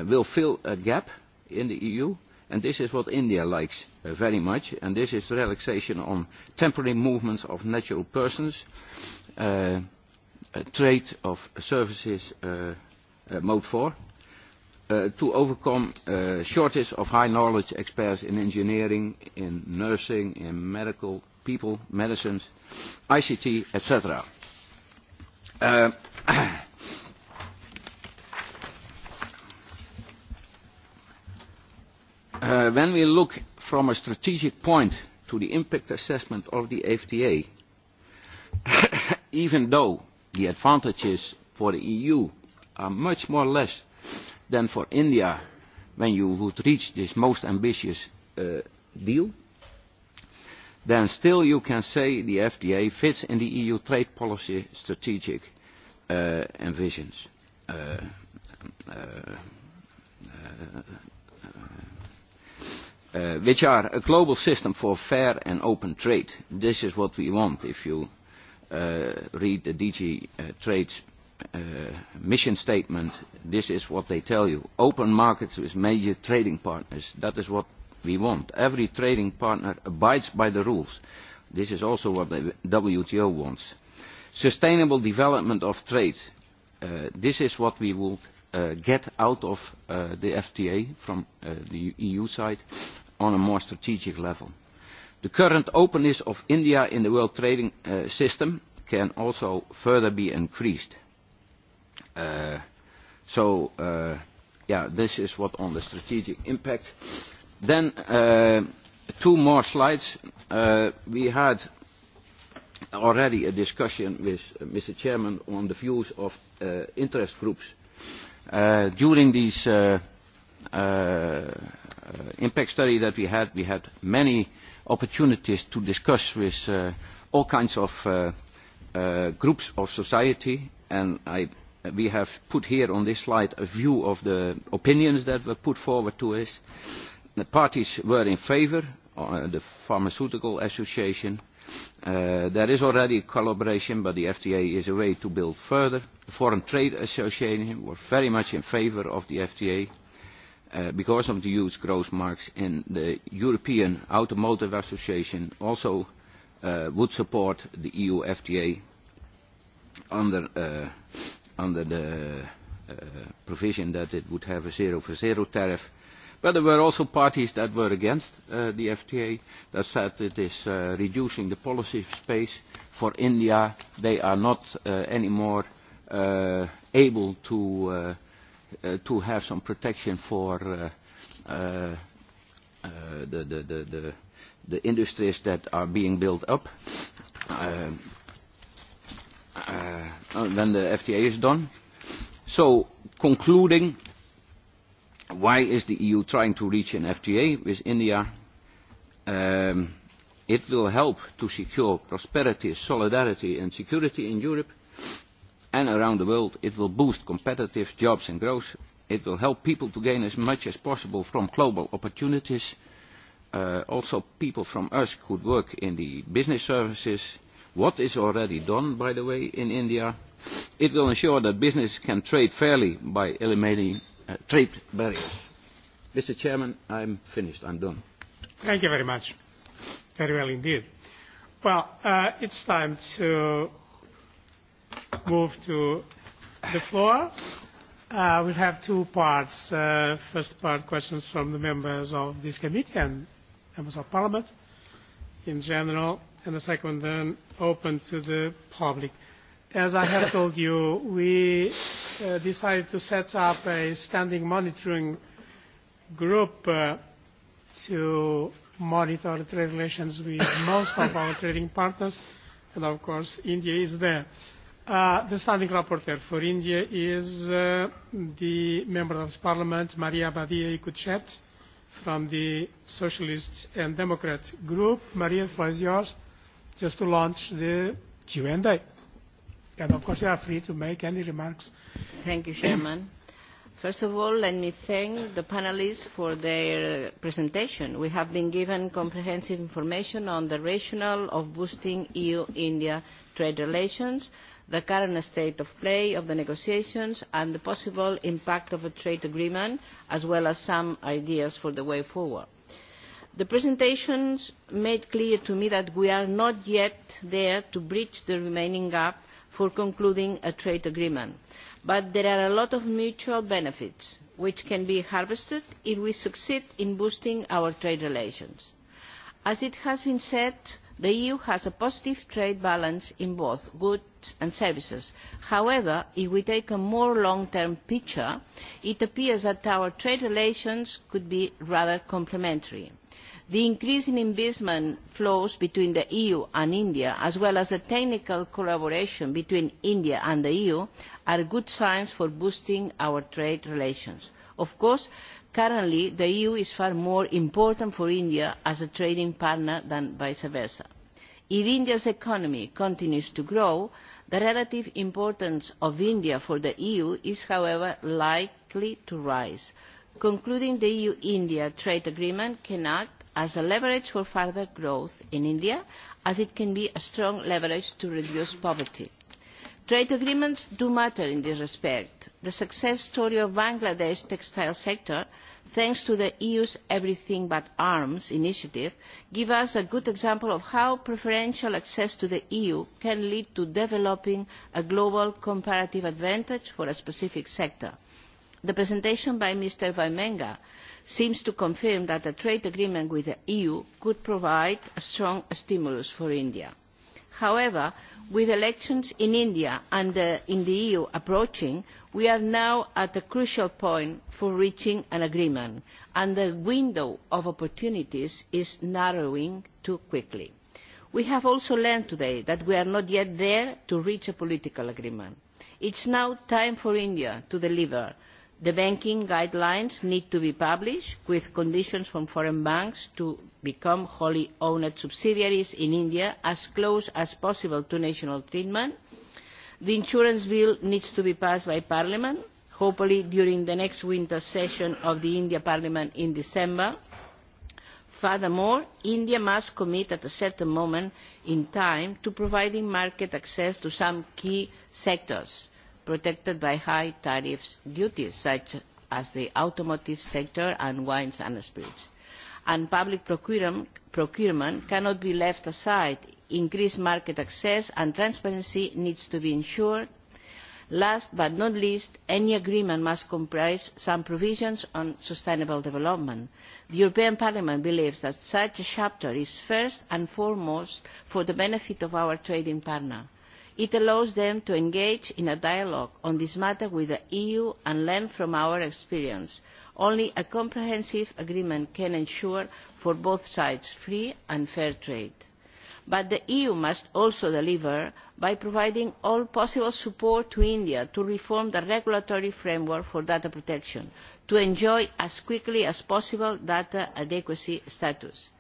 will fill a gap in the EU and this is what India likes very much and this is relaxation on temporary movements of natural persons trade of services uh, uh, mode 4 uh, to overcome shortage of high knowledge experts in engineering in nursing in medical people medicines ict etc Uh, when we look from a strategic point to the impact assessment of the FTA, <coughs> even though the advantages for the EU are much more less than for India when you would reach this most ambitious uh, deal, then still you can say the FDA fits in the EU trade policy strategic uh, envisions. which are a global system for fair and open trade. This is what we want if you Uh, read the DG uh, Trade's uh, mission statement, this is what they tell you. Open markets with major trading partners. That is what we want. Every trading partner abides by the rules. This is also what the WTO wants. Sustainable development of trade. this is what we will uh, get out of the FTA from the EU side on a more strategic level the current openness of india in the world trading uh, system can also further be increased uh, so uh, this is what on the strategic impact then two more slides we had already a discussion with mr chairman on the views of interest groups during these impact study that we had we had many opportunities to discuss with uh, all kinds of uh, uh, groups of society and I, we have put here on this slide a view of the opinions that were put forward to us. The parties were in favour, uh, the Pharmaceutical Association. Uh, there is already collaboration, but the FTA is a way to build further. The Foreign Trade Association were very much in favour of the FTA Uh, because of the huge growth marks in the European Automotive Association also uh, would support the EU FTA under, uh, under the provision that it would have a zero for zero tariff. But there were also parties that were against the FTA that said it is reducing the policy space for India. They are not anymore able to to have some protection for the, the, the, the, the industries that are being built up uh when the FTA is done. So, concluding, why is the EU trying to reach an FTA with India? Um, it will help to secure prosperity, solidarity and security in Europe and around the world. It will boost competitive jobs and growth. It will help people to gain as much as possible from global opportunities. Uh, also, people from us could work in the business services. What is already done, by the way, in India. It will ensure that business can trade fairly by eliminating uh, trade barriers. Mr. Chairman, I'm finished. I'm done. Thank you very much. Very well indeed. Well, uh, it's time to move to the floor. Uh, we'll have two parts. Uh, first part, questions from the members of this committee and members of parliament in general, and the second then open to the public. As I have told you, we uh, decided to set up a standing monitoring group uh, to monitor the trade relations with most of our trading partners, and of course India is there. Uh, the standing rapporteur for India is uh, the Member of Parliament, Maria Badia Ikuchet, from the Socialists and Democrats Group. Maria, the floor is yours, just to launch the Q&A. And of course you are free to make any remarks. Thank you, Chairman. First of all, let me thank the panelists for their presentation. We have been given comprehensive information on the rationale of boosting EU-India trade relations, the current state of play of the negotiations and the possible impact of a trade agreement as well as some ideas for the way forward. the presentations made clear to me that we are not yet there to bridge the remaining gap for concluding a trade agreement but there are a lot of mutual benefits which can be harvested if we succeed in boosting our trade relations. as it has been said the eu has a positive trade balance in both goods and services. however if we take a more long term picture it appears that our trade relations could be rather complementary. the increase in investment flows between the eu and india as well as the technical collaboration between india and the eu are good signs for boosting our trade relations. Of course, currently the EU is far more important for India as a trading partner than vice versa. If India's economy continues to grow, the relative importance of India for the EU is, however, likely to rise. Concluding the EU-India trade agreement can act as a leverage for further growth in India, as it can be a strong leverage to reduce poverty Trade agreements do matter in this respect. The success story of Bangladesh's textile sector, thanks to the EU's Everything But Arms initiative, gives us a good example of how preferential access to the EU can lead to developing a global comparative advantage for a specific sector. The presentation by Mr Vaimenga seems to confirm that a trade agreement with the EU could provide a strong stimulus for India however with elections in india and in the eu approaching we are now at a crucial point for reaching an agreement and the window of opportunities is narrowing too quickly. we have also learned today that we are not yet there to reach a political agreement. it is now time for india to deliver the banking guidelines need to be published with conditions from foreign banks to become wholly owned subsidiaries in india as close as possible to national treatment. the insurance bill needs to be passed by parliament hopefully during the next winter session of the india parliament in december. furthermore india must commit at a certain moment in time to providing market access to some key sectors protected by high tariff duties such as the automotive sector and wines and spirits. And public procurement, cannot be left aside. Increased market access and transparency needs to be ensured. Last but not least, any agreement must comprise some provisions on sustainable development. The European Parliament believes that such a chapter is first and foremost for the benefit of our trading partner It allows them to engage in a dialogue on this matter with the EU and learn from our experience. Only a comprehensive agreement can ensure for both sides free and fair trade. But the EU must also deliver by providing all possible support to India to reform the regulatory framework for data protection, to enjoy as quickly as possible data adequacy status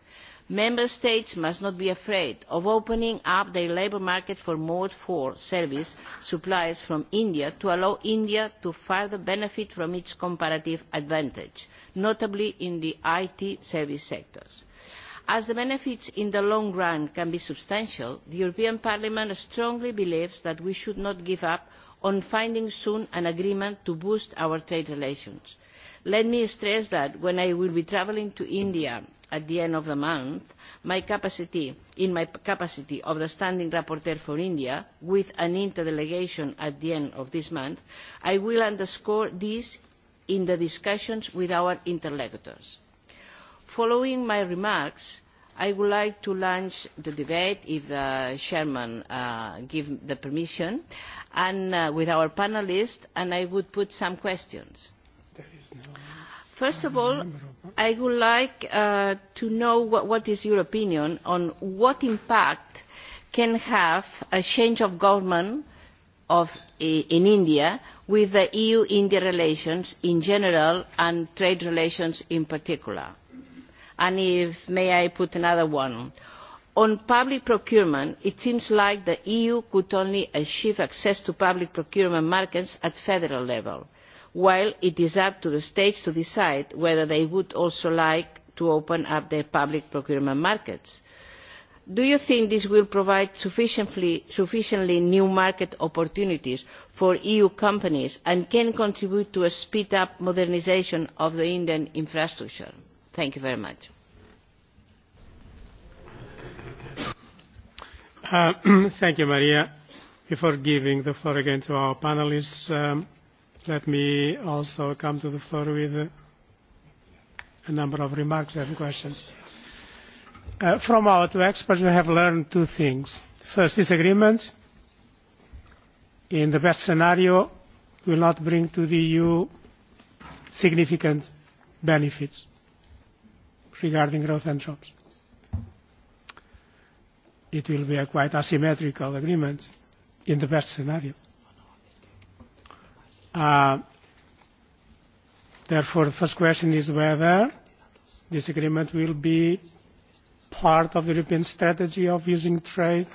member states must not be afraid of opening up their labour market for more four service supplies from india to allow india to further benefit from its comparative advantage notably in the it service sectors. as the benefits in the long run can be substantial the european parliament strongly believes that we should not give up on finding soon an agreement to boost our trade relations. let me stress that when i will be travelling to india at the end of the month my capacity in my capacity of the standing rapporteur for india with an Interdelegation at the end of this month i will underscore this in the discussions with our interlocutors. following my remarks i would like to launch the debate if the chairman uh, gives the permission and uh, with our panelists and i would put some questions. There is no... First of all, I would like uh, to know what, is your opinion on what impact can have a change of government of, in India with the EU-India relations in general and trade relations in particular. And if may I put another one. On public procurement, it seems like the EU could only achieve access to public procurement markets at federal level while it is up to the states to decide whether they would also like to open up their public procurement markets. Do you think this will provide sufficiently, new market opportunities for EU companies and can contribute to a speed up modernisation of the Indian infrastructure? Thank you very much. Uh, <clears throat> thank you, Maria. Before giving the floor again to our panelists, um, Let me also come to the floor with a number of remarks and questions. Uh, from our two experts, we have learned two things. First, disagreement in the best scenario will not bring to the EU significant benefits regarding growth and jobs. It will be a quite asymmetrical agreement in the best scenario. Uh, therefore, the first question is whether this agreement will be part of the European strategy of using trade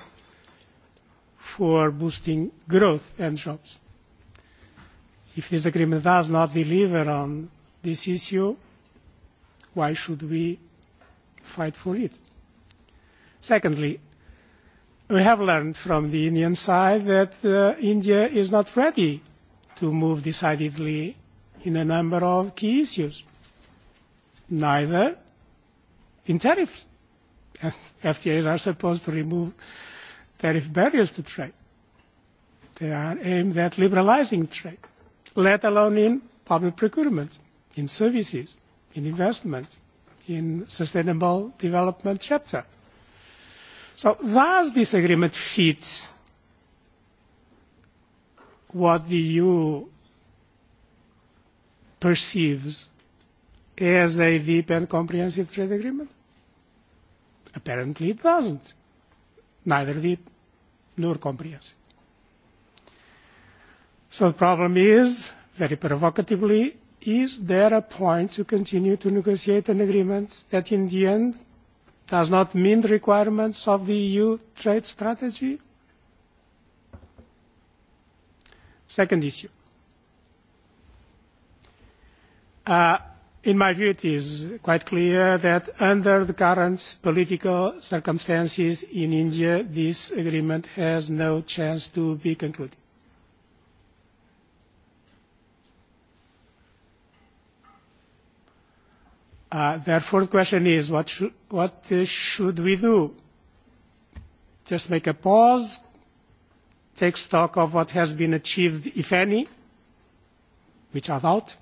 for boosting growth and jobs. If this agreement does not deliver on this issue, why should we fight for it? Secondly, we have learned from the Indian side that uh, India is not ready to move decidedly in a number of key issues. Neither in tariffs. <laughs> FTAs are supposed to remove tariff barriers to trade. They are aimed at liberalizing trade, let alone in public procurement, in services, in investment, in sustainable development chapter. So does this agreement fit what the EU perceives as a deep and comprehensive trade agreement? Apparently it doesn't. Neither deep nor comprehensive. So the problem is, very provocatively, is there a point to continue to negotiate an agreement that in the end does not meet the requirements of the EU trade strategy? Second issue. Uh, in my view, it is quite clear that under the current political circumstances in India, this agreement has no chance to be concluded. Uh, therefore, the question is, what, sh what should we do? Just make a pause, take stock of what has been achieved, if any, which are out,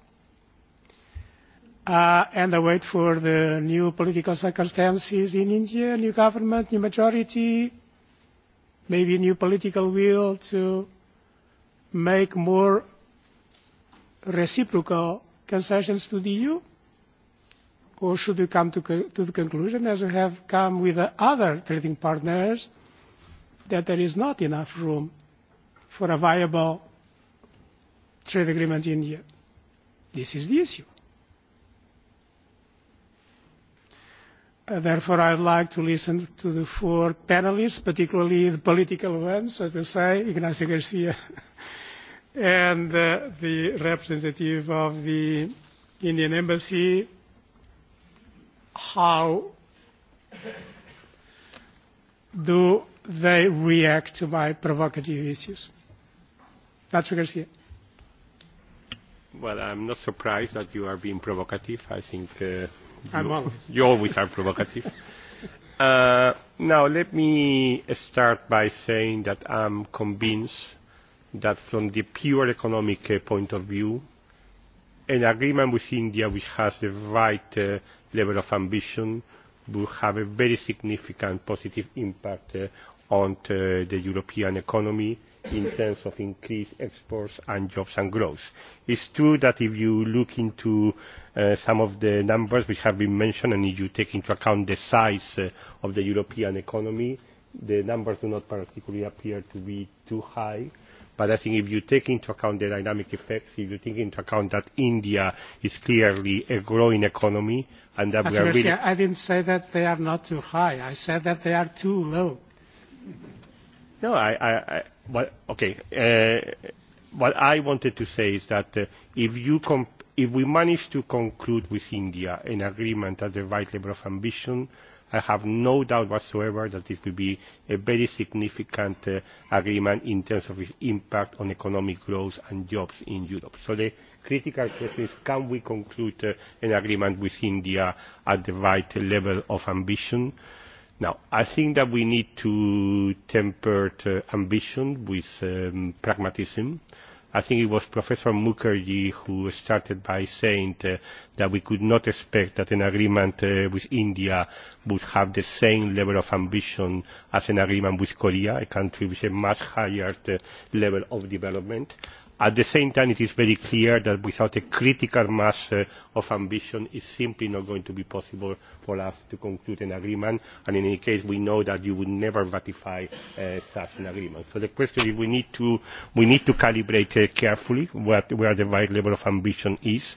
uh, and await for the new political circumstances in India, new government, new majority, maybe new political will to make more reciprocal concessions to the EU? Or should we come to, to the conclusion, as we have come with the other trading partners, that there is not enough room for a viable trade agreement in India. This is the issue. Uh, therefore, I'd like to listen to the four panelists, particularly the political ones, so to say, Ignacio Garcia <laughs> and uh, the representative of the Indian Embassy, how do they react to my provocative issues? Mr Garcia. Well, I'm not surprised that you are being provocative. I think uh, you, always. <laughs> provocative. Uh, now, let me start by saying that I am convinced that from the pure economic uh, point of view, an agreement with India which has the right level of ambition will have a very significant positive impact on the European economy, in terms of increased exports and jobs and growth. It's is true that if you look into uh, some of the numbers which have been mentioned and if you take into account the size uh, of the European economy, the numbers do not particularly appear to be too high. But I think if you take into account the dynamic effects, if you take into account that India is clearly a growing economy and that we are really... I didn't say that they are not too high. I said that they are too low. No, I, I, Well, okay. Uh, what I wanted to say is that uh, if, you if we manage to conclude with India an agreement at the right level of ambition, I have no doubt whatsoever that it will be a very significant uh, agreement in terms of its impact on economic growth and jobs in Europe. So the critical question is can we conclude an agreement with India at the right level of ambition? Now, I think that we need to temper ambition with um, pragmatism. I think it was Professor Mukherjee who started by saying that we could not expect that an agreement uh, with India would have the same level of ambition as an agreement with Korea, a country with a much higher uh, level of development at the same time it is very clear that without a critical mass uh, of ambition it is simply not going to be possible for us to conclude an agreement and in any case we know that you would never ratify uh, such an agreement. so the question is we need to, calibrate uh, carefully where the right level of ambition is.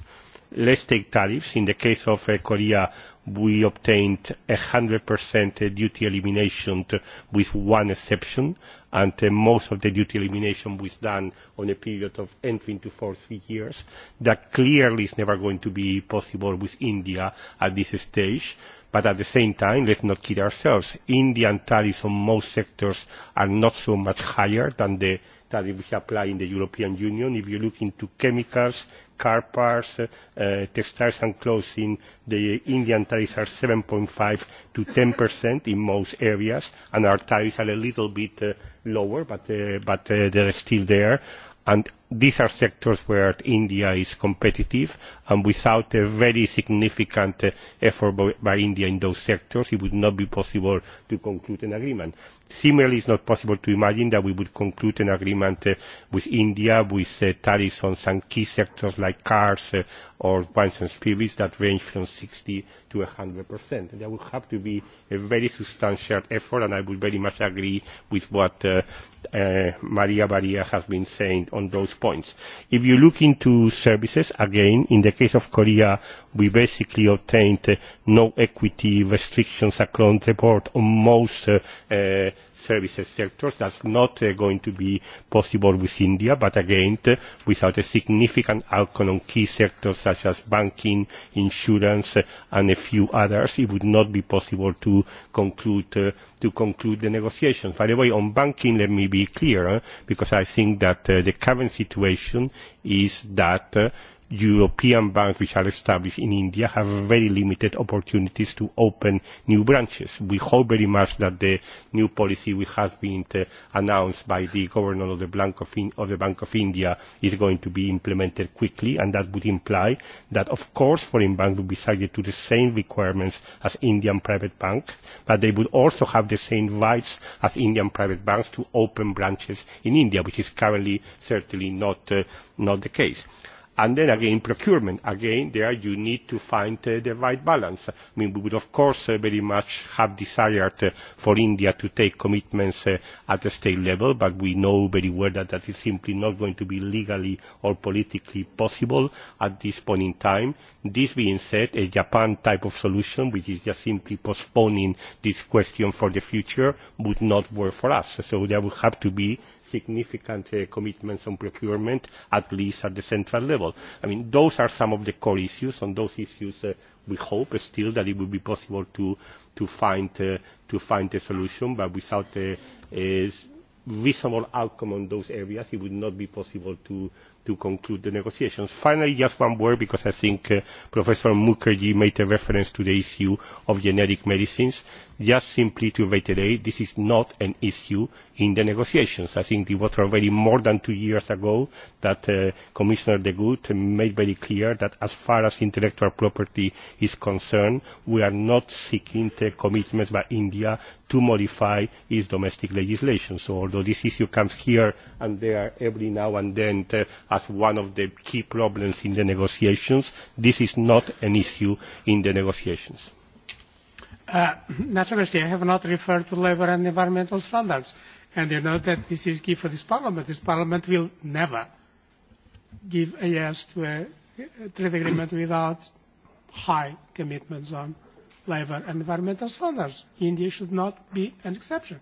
Let's take tariffs. in the case of korea we obtained 100% duty elimination with one exception, and uh, most of the duty elimination was done on a period of entry into force three years. That clearly is never going to be possible with India at this stage. But at the same time, let's not kid ourselves. Indian tariffs on most sectors are not so much higher than the that we apply in the European Union. If you look into chemicals, car parts, uh, textiles and clothing, the Indian tariffs are 7.5 to 10% in most areas, and our tariffs are a little bit uh, lower, but, uh, but uh, they're still there. And these are sectors where India is competitive and without a very significant uh, effort by India in those sectors it would not be possible to conclude an agreement. Similarly, it is not possible to imagine that we would conclude an agreement uh, with India with uh, tariffs on some key sectors like cars or wines and spirits that range from 60 to 100%. There would have to be a very substantial effort and I would very much agree with what Maria Baria has been saying on those points. If you look into services, again, in the case of Korea, we basically obtained no equity restrictions across the board on most uh, uh, services sectors. That's not uh, going to be possible with India, but again, uh, without a significant outcome on key sectors such as banking, insurance, uh, and a few others, it would not be possible to conclude, uh, to conclude the negotiations. By the way, on banking, let me be clear, uh, because I think that the current situation is that European banks which are established in India have very limited opportunities to open new branches. We hope very much that the new policy which has been uh, announced by the governor of the, Bank of, in of the Bank of India is going to be implemented quickly and that would imply that of course foreign banks would be subject to the same requirements as Indian private banks but they would also have the same rights as Indian private banks to open branches in India which is currently certainly not, uh, not the case. And then again, procurement. Again, there you need to find uh, the right balance. I mean, we would of course uh, very much have desired uh, for India to take commitments uh, at the state level, but we know very well that that is simply not going to be legally or politically possible at this point in time. This being said, a Japan type of solution, which is just simply postponing this question for the future, would not work for us. So there would have to be significant uh, commitments on procurement, at least at the central level. I mean, those are some of the core issues. On those issues, uh, we hope still that it will be possible uh, to, find, a solution, but without a, reasonable outcome on those areas, it would not be possible to, conclude the negotiations. Finally, just one word, because I think Professor Mukherjee made a reference to the issue of genetic medicines just simply to reiterate this is not an issue in the negotiations. i think it was already more than two years ago that uh, commissioner de gucht made very clear that as far as intellectual property is concerned we are not seeking the commitments by india to modify its domestic legislation. so although this issue comes here and there every now and then uh, as one of the key problems in the negotiations this is not an issue in the negotiations. Uh, <clears throat> naturally, I have not referred to labour and environmental standards, and you know that this is key for this Parliament. This Parliament will never give a yes to a trade agreement without high commitments on labour and environmental standards. India should not be an exception.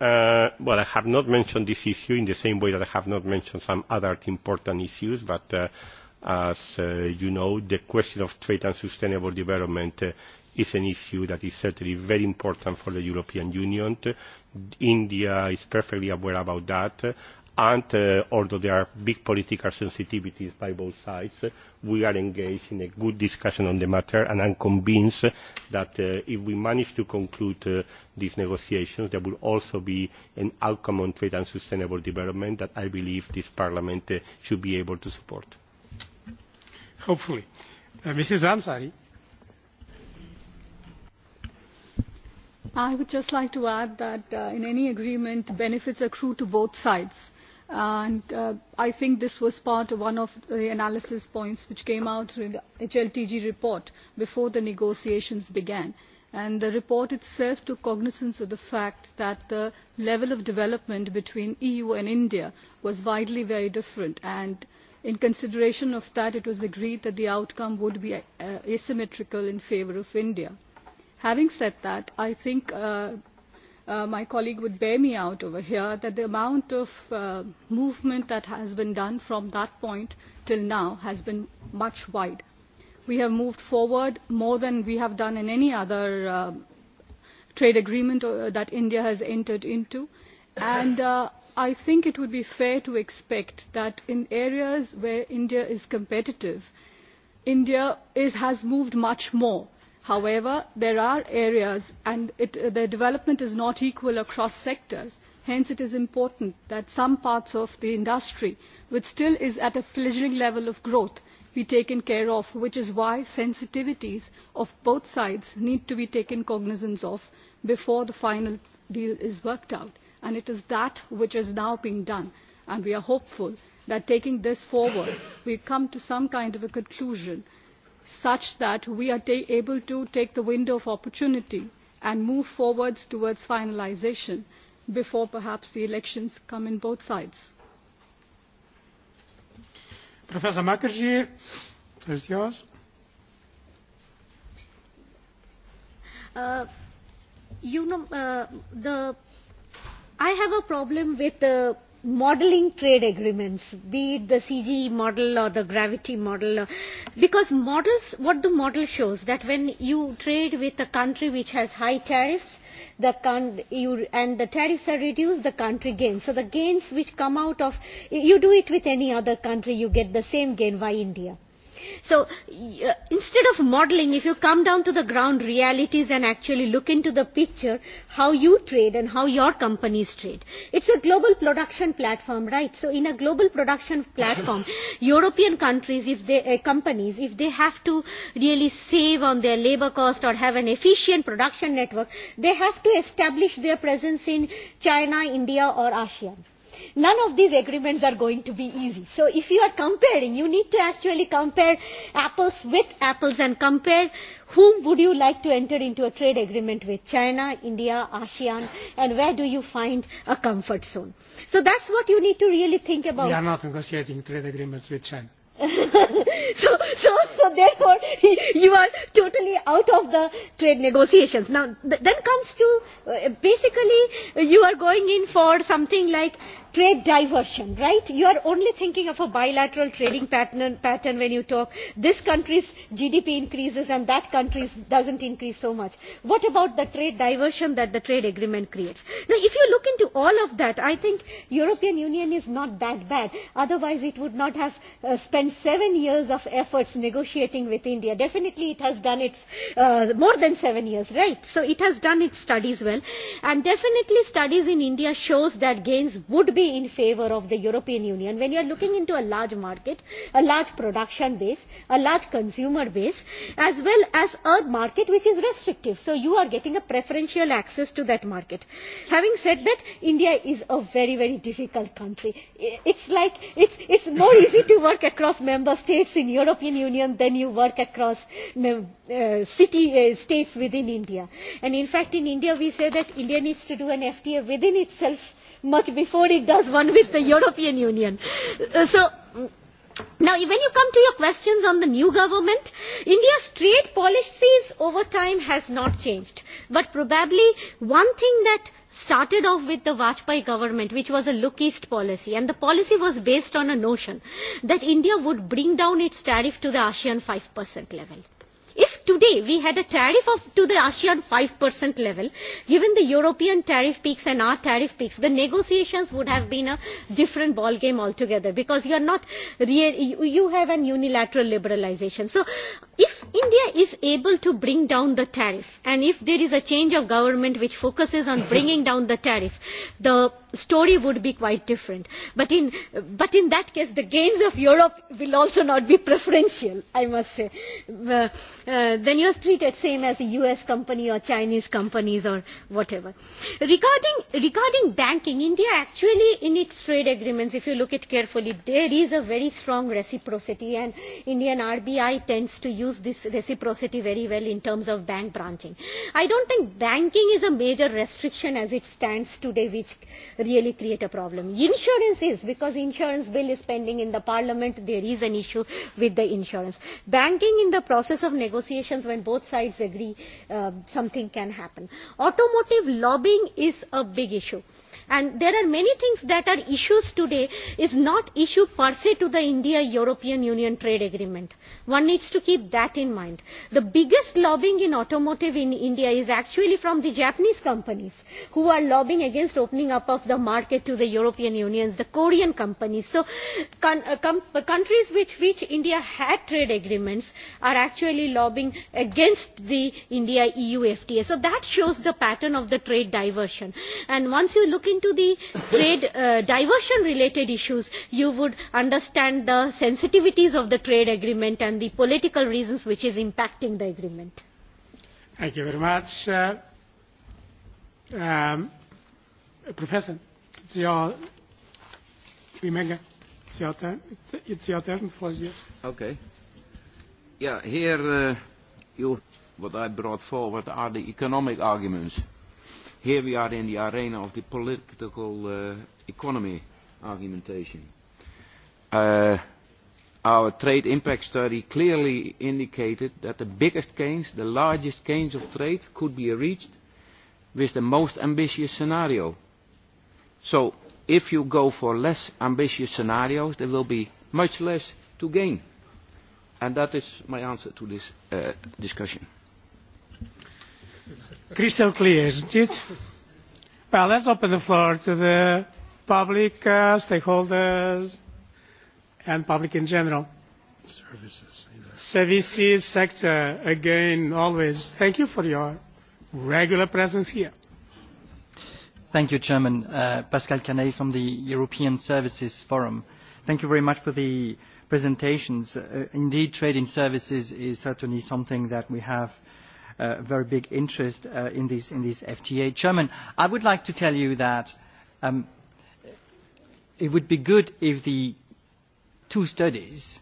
Uh, well, I have not mentioned this issue in the same way that I have not mentioned some other important issues, but uh, as uh, you know, the question of trade and sustainable development uh, is an issue that is certainly very important for the European Union. India is perfectly aware about that and uh, although there are big political sensitivities by both sides, we are engaged in a good discussion on the matter and I am convinced that uh, if we manage to conclude uh, these negotiations, there will also be an outcome on trade and sustainable development that I believe this Parliament should be able to support. Hopefully. Mrs. I would just like to add that uh, in any agreement, benefits accrue to both sides. And uh, I think this was part of one of the analysis points which came out in the HLTG report before the negotiations began. And the report itself took cognizance of the fact that the level of development between EU and India was widely very different. And in consideration of that, it was agreed that the outcome would be uh, asymmetrical in favour of India having said that i think uh, uh, my colleague would bear me out over here that the amount of uh, movement that has been done from that point till now has been much wide. We have moved forward more than we have done in any other trade agreement that India has entered into. And I think it would be fair to expect that in areas where India is competitive, India is, has moved much more however there are areas and uh, their development is not equal across sectors hence it is important that some parts of the industry which still is at a fledgling level of growth be taken care of which is why sensitivities of both sides need to be taken cognizance of before the final deal is worked out and it is that which is now being done and we are hopeful that taking this forward we come to some kind of a conclusion such that we are able to take the window of opportunity and move forward towards finalisation before perhaps the elections come on both sides. Professor Uh, you know, uh, the, I have a problem with the modeling trade agreements, be it the CGE model or the gravity model, because models, what the model shows, that when you trade with a country which has high tariffs, the and the tariffs are reduced, the country gains. So the gains which come out of, you do it with any other country, you get the same gain. Why India? so uh, instead of modeling if you come down to the ground realities and actually look into the picture how you trade and how your companies trade it's a global production platform right so in a global production <laughs> platform european countries if they uh, companies if they have to really save on their labor cost or have an efficient production network they have to establish their presence in china india or Asia none of these agreements are going to be easy so if you are comparing you need to actually compare apples with apples and compare whom would you like to enter into a trade agreement with china india asean and where do you find a comfort zone so that's what you need to really think about we are not negotiating trade agreements with china <laughs> so so so therefore <laughs> you are totally out of the trade negotiations. now then comes to uh, basically you are going in for something like trade diversion right? you are only thinking of a bilateral trading pattern, pattern when you talk this country's gdp increases and that country doesn't increase so much. what about the trade diversion that the trade agreement creates? now if you look into all of that i think european union is not that bad otherwise it would not have uh, spent seven years of efforts negotiating negotiating with India. Definitely it has done its uh, more than seven years, right? So it has done its studies well. And definitely studies in India shows that gains would be in favor of the European Union. When you are looking into a large market, a large production base, a large consumer base, as well as a market which is restrictive. So you are getting a preferential access to that market. Having said that, India is a very, very difficult country. It's like, it's, it's more easy to work across member states in European Union then you work across uh, city uh, states within India. And in fact in India we say that India needs to do an FTA within itself much before it does one with the European Union. Uh, so mm, Now, when you come to your questions on the new government, India's trade policies over time has not changed. But probably one thing that started off with the Vajpayee government, which was a look east policy, and the policy was based on a notion that India would bring down its tariff to the ASEAN 5% level. If today we had a tariff of to the ASEAN 5% level, given the European tariff peaks and our tariff peaks, the negotiations would have been a different ball game altogether because you are not you have an unilateral liberalization. So if India is able to bring down the tariff and if there is a change of government which focuses on bringing <laughs> down the tariff, the story would be quite different. But in, but in that case, the gains of Europe will also not be preferential, I must say. Uh, uh then you are treated same as a us company or chinese companies or whatever regarding regarding banking india actually in its trade agreements if you look at carefully there is a very strong reciprocity and indian rbi tends to use this reciprocity very well in terms of bank branching i don't think banking is a major restriction as it stands today which really create a problem insurance is because insurance bill is pending in the parliament there is an issue with the insurance banking in the process of negotiation negotiations when both sides agree uh, something can happen automotive lobbying is a big issue and there are many things that are issues today is not issue per se to the India European Union trade agreement. One needs to keep that in mind. The biggest lobbying in automotive in India is actually from the Japanese companies who are lobbying against opening up of the market to the European Unions, the Korean companies. So uh, uh, countries with which India had trade agreements are actually lobbying against the India EU FTA. So that shows the pattern of the trade diversion. And once you look into into the trade uh, diversion related issues you would understand the sensitivities of the trade agreement and the political reasons which is impacting the agreement thank you very much uh, um, professor it's your it's your turn it's your turn for this. okay yeah here uh, you what i brought forward are the economic arguments Here we are in the arena of the political uh, economy argumentation. Uh, our trade impact study clearly indicated that the biggest gains, the largest gains of trade could be reached with the most ambitious scenario. So if you go for less ambitious scenarios, there will be much less to gain. And that is my answer to this uh, discussion crystal clear isn't it? well let's open the floor to the public uh, stakeholders and public in general services services sector again always thank you for your regular presence here thank you chairman uh, pascal canet from the european services forum thank you very much for the presentations uh, indeed trading services is certainly something that we have Uh, very big interest in uh, this in these FTA. Chairman, I would like to tell you that um, it would be good if the two studies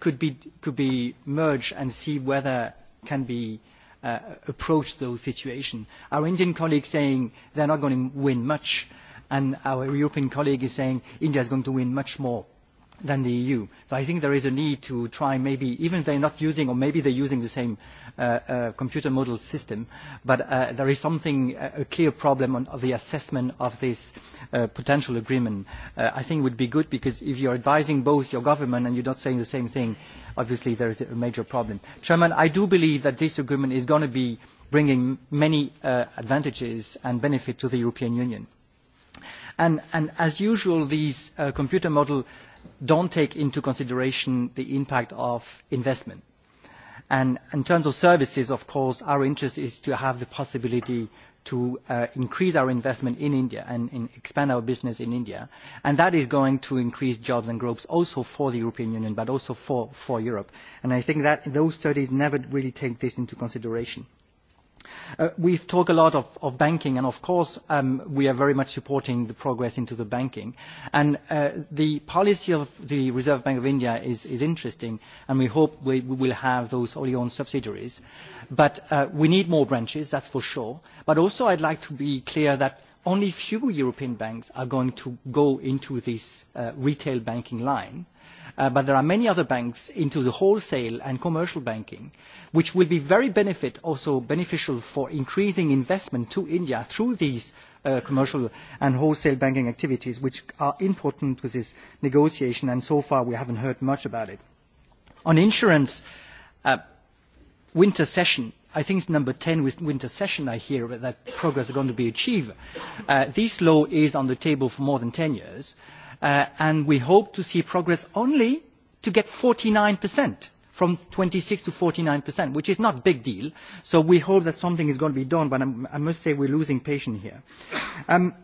could be could be merged and see whether can be uh, approach those situations. Our Indian colleague saying they're not going to win much, and our European colleague is saying India is going to win much more than the EU. So I think there is a need to try maybe, even if they're not using, or maybe they're using the same uh, uh, computer model system, but uh, there is something, a clear problem on, the assessment of this potential agreement. I think would be good because if you are advising both your government and you're not saying the same thing, obviously there is a major problem. Chairman, I do believe that this agreement is going to be bringing many advantages and benefit to the European Union. and as usual, these computer model don't take into consideration the impact of investment. And in terms of services, of course, our interest is to have the possibility to uh, increase our investment in India and in expand our business in India. And that is going to increase jobs and growth also for the European Union, but also for, for Europe. And I think that those studies never really take this into consideration. Uh, we we've talked a lot of, of banking, and of course, um, we are very much supporting the progress into the banking. And uh, the policy of the Reserve Bank of India is, is interesting, and we hope we, will have those wholly owned subsidiaries. But uh, we need more branches, that's for sure. But also, I'd like to be clear that only few European banks are going to go into this retail banking line Uh, but there are many other banks into the wholesale and commercial banking, which will be very benefit, also beneficial for increasing investment to India through these uh, commercial and wholesale banking activities, which are important to this negotiation, and so far we haven't heard much about it. On insurance, uh, winter session, I think it's number 10 with winter session I hear that progress is going to be achieved. This law is on the table for more than 10 years. Uh, and we hope to see progress only to get forty 49% from twenty six to forty 49%, which is not a big deal. So we hope that something is going to be done, but I must say we are losing patience here. Um,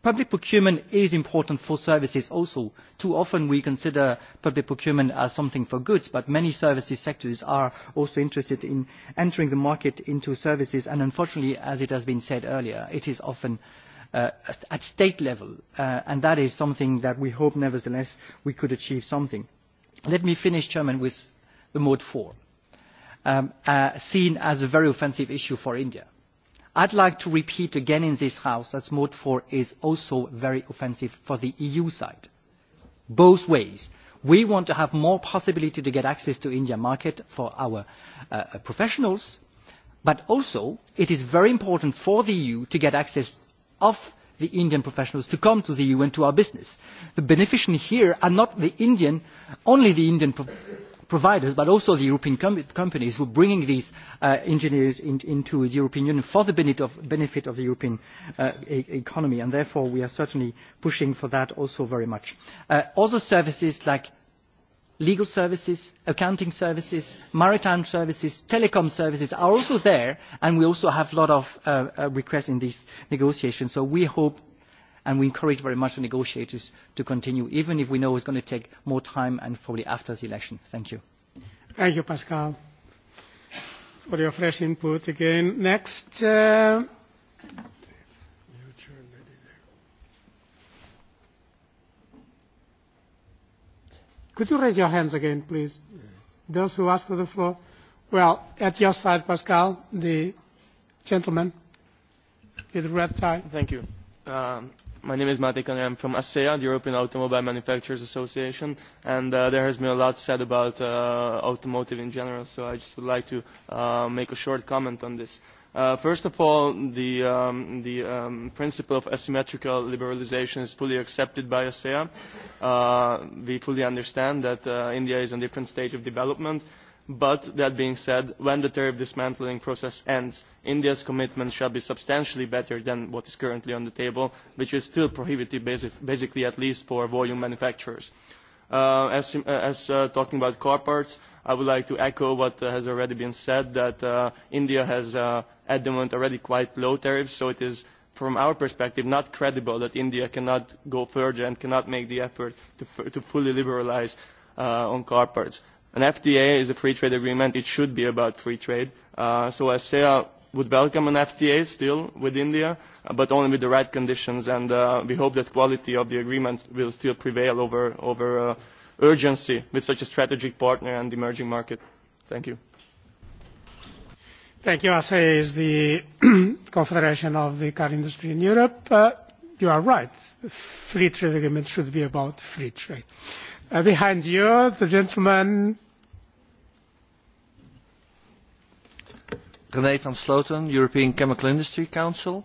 public procurement is important for services also. Too often we consider public procurement as something for goods, but many services sectors are also interested in entering the market into services, and unfortunately, as it has been said earlier, it is often Uh, at state level uh, and that is something that we hope nevertheless we could achieve something. let me finish Chairman, with the mode four um, uh, seen as a very offensive issue for india. I'd like to repeat again in this house that mode four is also very offensive for the eu side both ways. we want to have more possibility to get access to India market for our professionals but also it is very important for the eu to get access of the Indian professionals to come to the EU and to our business. The beneficiaries here are not the Indian, only the Indian providers, but also the European companies who are bringing these uh, engineers into the European Union for the benefit of, the European uh, e-, economy. And therefore, we are certainly pushing for that also very much. Uh, other services like legal services accounting services maritime services telecom services are also there and we also have a lot of uh, uh, requests in these negotiations so we hope and we encourage very much the negotiators to continue even if we know it's going to take more time and probably after the election. Thank you. Thank you Pascal for your fresh input again. Next uh, Could you raise your hands again, please? Those who ask for the floor. Well, at your side, Pascal, the gentleman with the red tie. Thank you. Um, my name is Matej and I'm from ASEA, the European Automobile Manufacturers Association, and uh, there has been a lot said about uh, automotive in general, so I just would like to uh, make a short comment on this. Uh, first of all, the, um, um, principle of asymmetrical liberalisation is fully accepted by ASEAN. Uh, we fully understand that uh, India is on a different stage of development. But that being said, when the tariff dismantling process ends, India's commitment shall be substantially better than what is currently on the table, which is still prohibitive, basically at least for volume manufacturers. as, talking about car parts, i would like to echo what uh, has already been said that uh, india has uh, at the moment already quite low tariffs so it is from our perspective not credible that india cannot go further and cannot make the effort to, fully liberalise on car parts. an fta is a free trade agreement it should be about free trade so acea would welcome an FTA still with India, but only with the right conditions, and we hope that quality of the agreement will still prevail over, over urgency with such a strategic partner and emerging market? Thank you. Thank you. ASEA is the <clears throat> Confederation of the Car Industry in Europe. Uh, you are right. Free trade agreement should be about free trade. Uh, behind you, the gentleman. René van Sloten, European Chemical Industry Council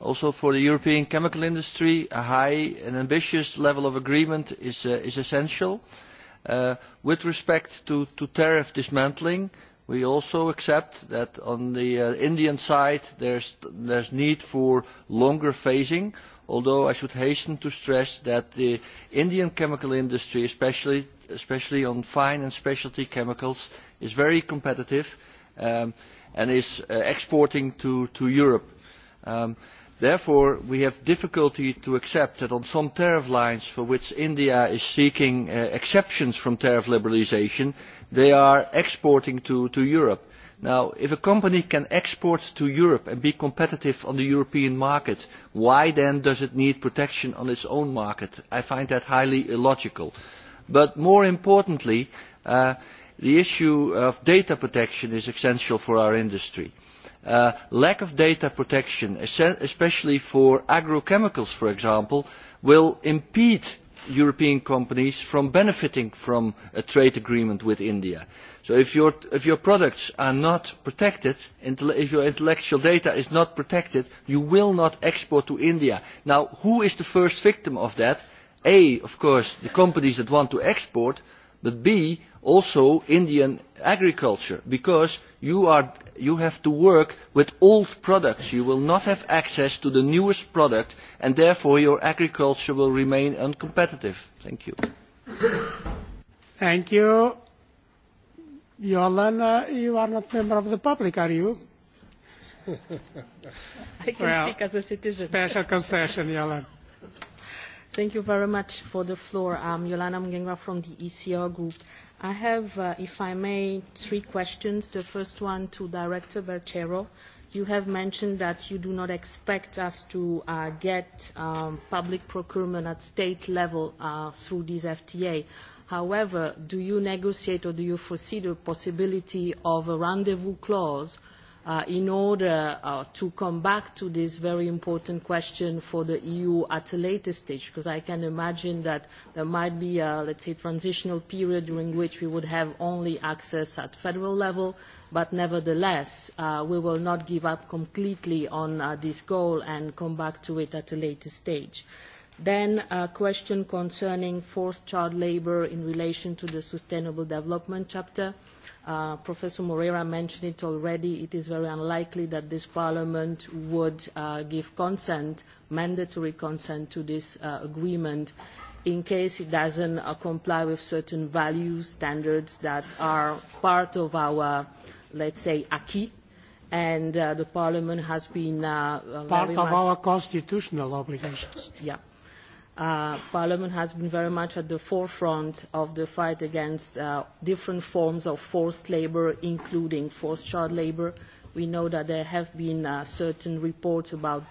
also for the european chemical industry a high and ambitious level of agreement is, uh, essential. Uh, with respect to, tariff dismantling we also accept that on the uh, indian side there is need for longer phasing although i should hasten to stress that the indian chemical industry especially, on fine and specialty chemicals is very competitive um, and is exporting to, europe. Um, therefore we have difficulty to accept that on some tariff lines for which india is seeking uh, exceptions from tariff liberalisation they are exporting to, europe. now if a company can export to europe and be competitive on the european market why then does it need protection on its own market? i find that highly illogical. but more importantly uh, the issue of data protection is essential for our industry Uh, lack of data protection, especially for agrochemicals, for example, will impede European companies from benefiting from a trade agreement with India. So if your, products are not protected, if your intellectual data is not protected, you will not export to India. Now, who is the first victim of that? A, of course, the companies that want to export, but B, also indian agriculture because you, are, you have to work with old products you will not have access to the newest product and therefore your agriculture will remain uncompetitive thank you thank you you are member of the public are you <laughs> I can speak as a citizen. special concession Thank you very much for the floor. I'm Yolana Mgenga from the ECR Group. I have, uh, if I may, three questions. The first one to Director Bertero. You have mentioned that you do not expect us to uh, get um, public procurement at state level uh, through this FTA. However, do you negotiate or do you foresee the possibility of a rendezvous clause Uh, in order uh, to come back to this very important question for the EU at a later stage, because I can imagine that there might be a, let's say, transitional period during which we would have only access at federal level, but nevertheless, uh, we will not give up completely on this goal and come back to it at a later stage. Then a question concerning forced child labour in relation to the Sustainable Development Chapter. Uh, Professor Moreira mentioned it already. It is very unlikely that this Parliament would uh, give consent, mandatory consent to this uh, agreement in case it doesn't comply with certain values, standards that are part of our, let's say, acquis. And the Parliament has been very Part of our constitutional obligations. Uh, Parliament has been very much at the forefront of the fight against uh, different forms of forced labour, including forced child labour. We know that there have been uh, certain reports about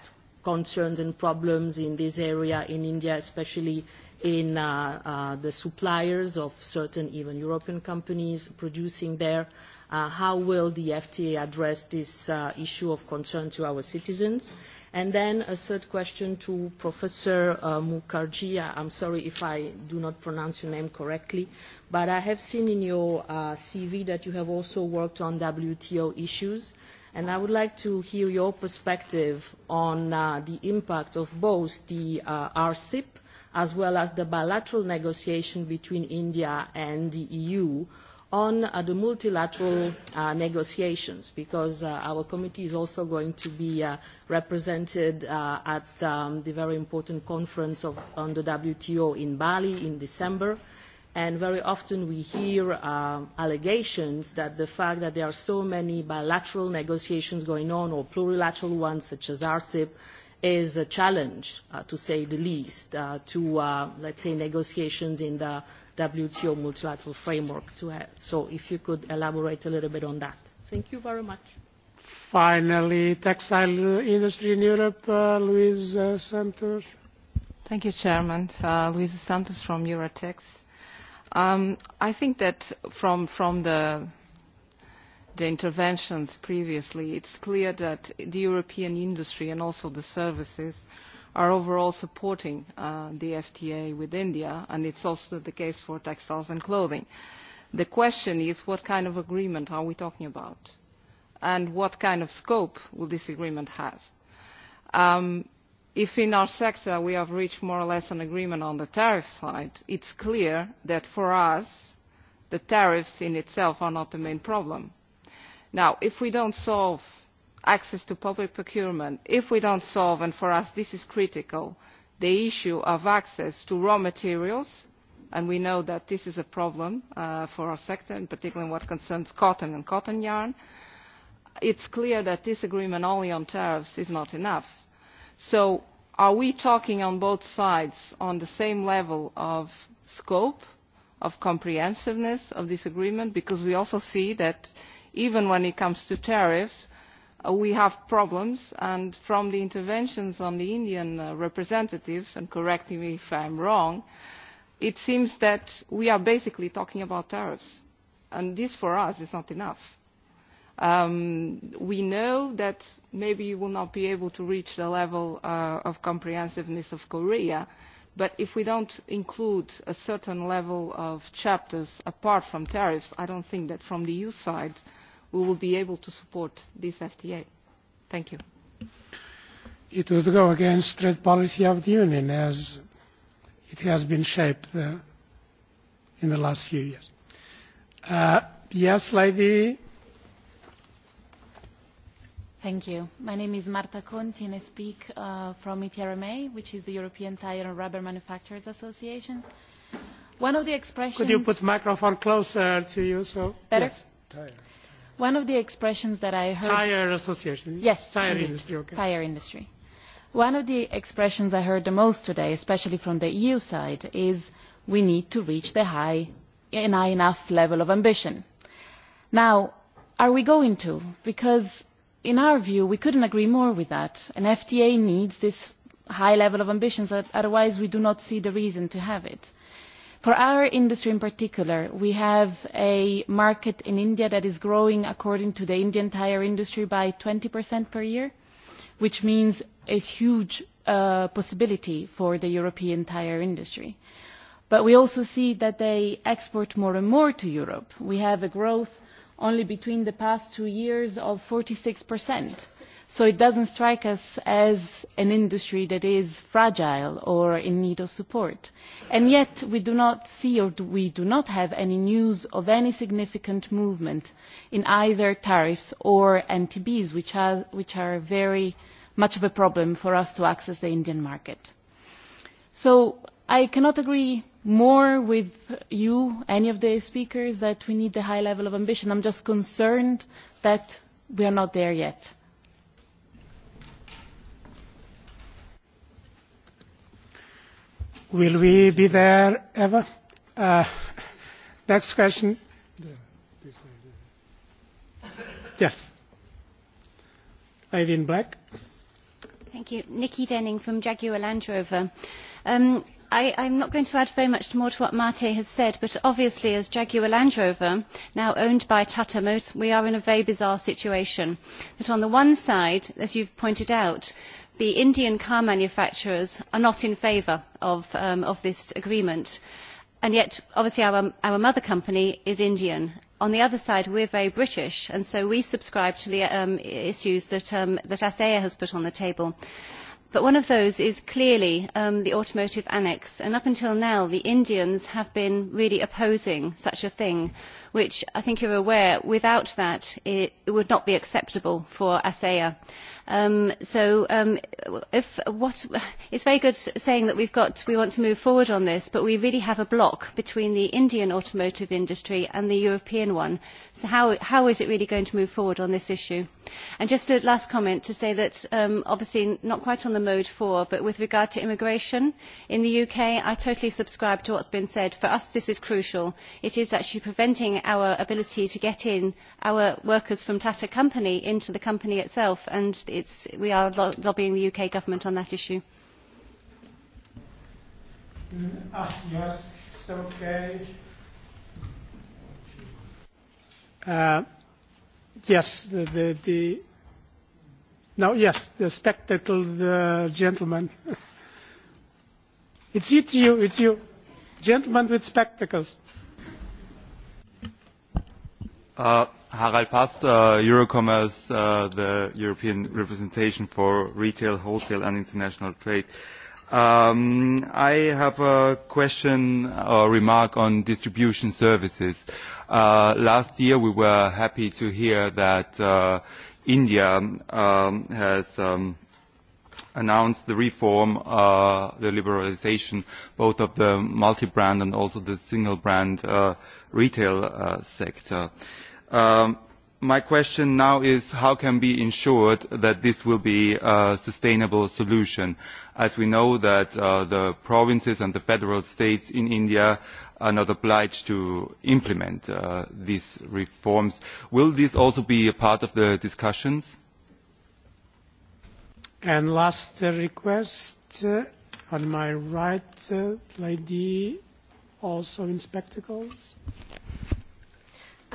concerns and problems in this area in India, especially in uh, uh, the suppliers of certain even European companies producing there. Uh, how will the FTA address this issue of concern to our citizens? And then a third question to Professor Mukherjee. I'm sorry if I do not pronounce your name correctly, but I have seen in your CV that you have also worked on WTO issues and i would like to hear your perspective on uh, the impact of both the uh, rcip as well as the bilateral negotiation between india and the eu on uh, the multilateral negotiations because our committee is also going to be represented at um, the very important conference of, on the wto in bali in december and very often we hear um, allegations that the fact that there are so many bilateral negotiations going on or plurilateral ones such as RCEP is a challenge, uh, to say the least, uh, to, uh, let's say, negotiations in the WTO multilateral framework. To have. So if you could elaborate a little bit on that. Thank you very much. Finally, textile industry in Europe, uh, uh Santos. Thank you, Chairman. Santos from Eurotex. Um, I think that from, from the, the interventions previously, it's clear that the European industry and also the services are overall supporting uh, the FTA with India, and it's also the case for textiles and clothing. The question is what kind of agreement are we talking about? And what kind of scope will this agreement have? Um, if in our sector we have reached more or less an agreement on the tariff side it is clear that for us the tariffs in itself are not the main problem. now if we do not solve access to public procurement if we do not solve and for us this is critical the issue of access to raw materials and we know that this is a problem uh, for our sector in particular in what concerns cotton and cotton yarn it is clear that this agreement only on tariffs is not enough so are we talking on both sides on the same level of scope of comprehensiveness of this agreement because we also see that even when it comes to tariffs uh, we have problems and from the interventions on the indian uh, representatives and correct me if i am wrong it seems that we are basically talking about tariffs and this for us is not enough Um, we know that maybe you will not be able to reach the level uh, of comprehensiveness of Korea, but if we don't include a certain level of chapters apart from tariffs, I don't think that from the EU side we will be able to support this FTA. Thank you. It would go against trade policy of the Union as it has been shaped uh, in the last few years. Uh, yes, lady. Thank you. My name is Marta Conti and I speak uh, from ETRMA, which is the European Tire and Rubber Manufacturers Association. One of the expressions... Could you put the microphone closer to you? So... Better? Yes. Tire. One of the expressions that I heard... Tire Association. Yes. Tire indeed. industry. Okay. Tire industry. One of the expressions I heard the most today, especially from the EU side, is we need to reach the high, high enough level of ambition. Now, are we going to? Because in our view we couldn't agree more with that. an fta needs this high level of ambition otherwise we do not see the reason to have it. for our industry in particular we have a market in india that is growing according to the indian tyre industry by 20% per year which means a huge uh, possibility for the european tyre industry. but we also see that they export more and more to europe. we have a growth only between the past two years of 46%. So it doesn't strike us as an industry that is fragile or in need of support. And yet we do not see or we do not have any news of any significant movement in either tariffs or NTBs, which are, which are very much of a problem for us to access the Indian market. So I cannot agree more with you any of the speakers that we need a high level of ambition. i'm just concerned that we are not there yet. will we be there ever? Uh, <laughs> next question. yes. lady in black. thank you. nikki denning from jaguar land rover. Um, i, am not going to add very much more to what Mate has said, but obviously as Jaguar Land Rover, now owned by Tata Motors, we are in a very bizarre situation. That on the one side, as you have pointed out, the Indian car manufacturers are not in favour um, of, this agreement. And yet, obviously, our, mother company is Indian on the other side we are very british and so we subscribe to the um, issues that, um, that has put on the table but one of those is clearly um, the automotive annex and up until now the indians have been really opposing such a thing which i think you are aware without that it, it would not be acceptable for asea. Um, so um, if what, it's very good saying that we've got, we want to move forward on this, but we really have a block between the Indian automotive industry and the European one. So how, how is it really going to move forward on this issue? And just a last comment to say that um, obviously not quite on the mode four, but with regard to immigration in the UK, I totally subscribe to what's been said. For us, this is crucial. It is actually preventing our ability to get in our workers from Tata Company into the company itself and it's, we are lobbying the UK government on that issue. Mm, ah, yes, Uh, yes, the, the, the no, yes, the spectacled uh, gentleman. <laughs> it's, it's you, it's you. Gentleman with spectacles. Uh, Harald Past, uh, Eurocommerce, uh, the European representation for retail, wholesale and international trade. Um, I have a question or remark on distribution services. Uh, last year we were happy to hear that uh, India um, has um, announced the reform, uh, the liberalization, both of the multi-brand and also the single-brand retail uh, sector. Um, my question now is how can we ensure that this will be a sustainable solution as we know that uh, the provinces and the federal states in india are not obliged to implement uh, these reforms will this also be a part of the discussions and last request uh, on my right lady also in spectacles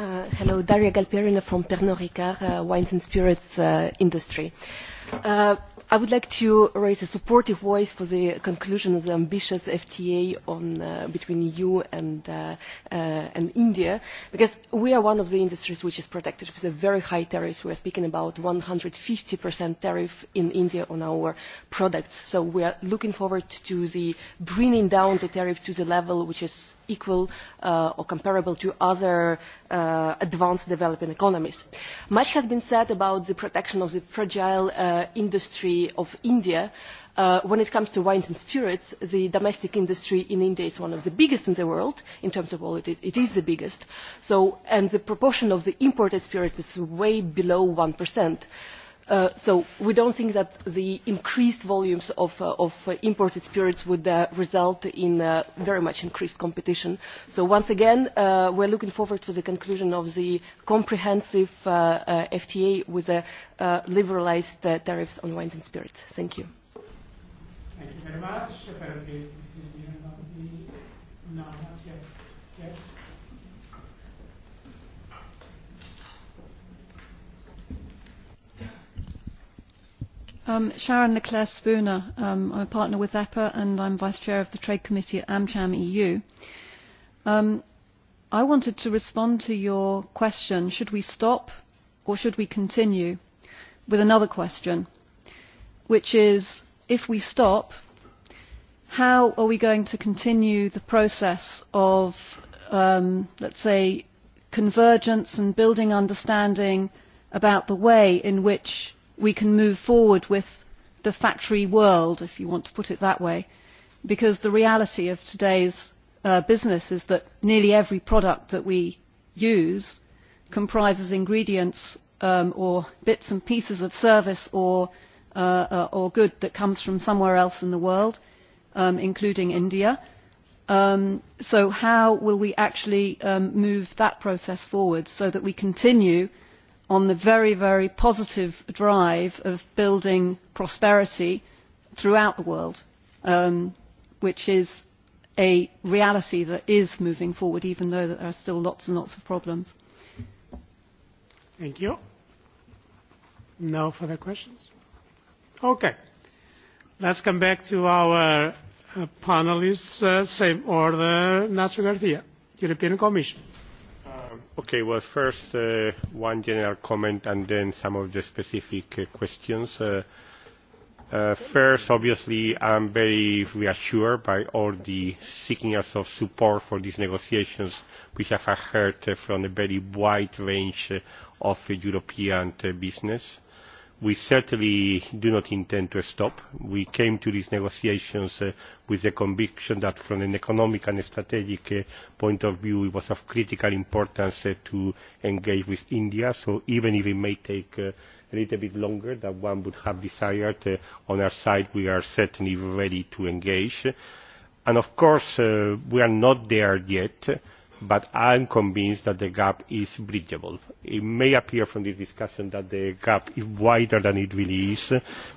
Uh, hello, Daria Galperina from Pernod Ricard uh, Wines and Spirits uh, Industry. Uh, I would like to raise a supportive voice for the conclusion of the ambitious FTA on, between EU and, India, because we are one of the industries which is protected with a very high tariffs. We are speaking about 150% tariff in India on our products. So we are looking forward to the bringing down the tariff to the level which is equal or comparable to other uh, advanced developing economies. Much has been said about the protection of the fragile uh, industry of India. Uh, when it comes to wines and spirits the domestic industry in india is one of the biggest in the world in terms of all it is, it is the biggest so, and the proportion of the imported spirits is way below one Uh, so we do not think that the increased volumes of, uh, uh, imported spirits would result in very much increased competition. so once again we are looking forward to the conclusion of the comprehensive fta with liberalised tariffs on wines and spirits. thank you. Thank you very much. Um, Sharon Leclerc Spooner, um, I'm a partner with EPA and I'm Vice Chair of the Trade Committee at AmCham EU. Um, I wanted to respond to your question, should we stop or should we continue, with another question, which is, if we stop, how are we going to continue the process of, um, let's say, convergence and building understanding about the way in which we can move forward with the factory world, if you want to put it that way, because the reality of today's uh, business is that nearly every product that we use comprises ingredients um, or bits and pieces of service or, uh, uh or good that comes from somewhere else in the world, um, including India. Um, so how will we actually um, move that process forward so that we continue on the very, very positive drive of building prosperity throughout the world, um, which is a reality that is moving forward, even though there are still lots and lots of problems. Thank you. No further questions? Okay. Let's come back to our uh, panelists, uh, same order, Nacho Garcia, European Commission. Okay, well, first uh, one general comment and then some of the specific uh, questions. Uh, first, obviously, I'm very reassured by all the signals of support for these negotiations, which have heard from a very wide range of European business we certainly do not intend to stop. we came to these negotiations uh, with the conviction that from an economic and strategic uh, point of view it was of critical importance uh, to engage with india so even if it may take a little bit longer than one would have desired on our side we are certainly ready to engage. and of course we are not there yet but i am convinced that the gap is bridgeable. it may appear from this discussion that the gap is wider than it really is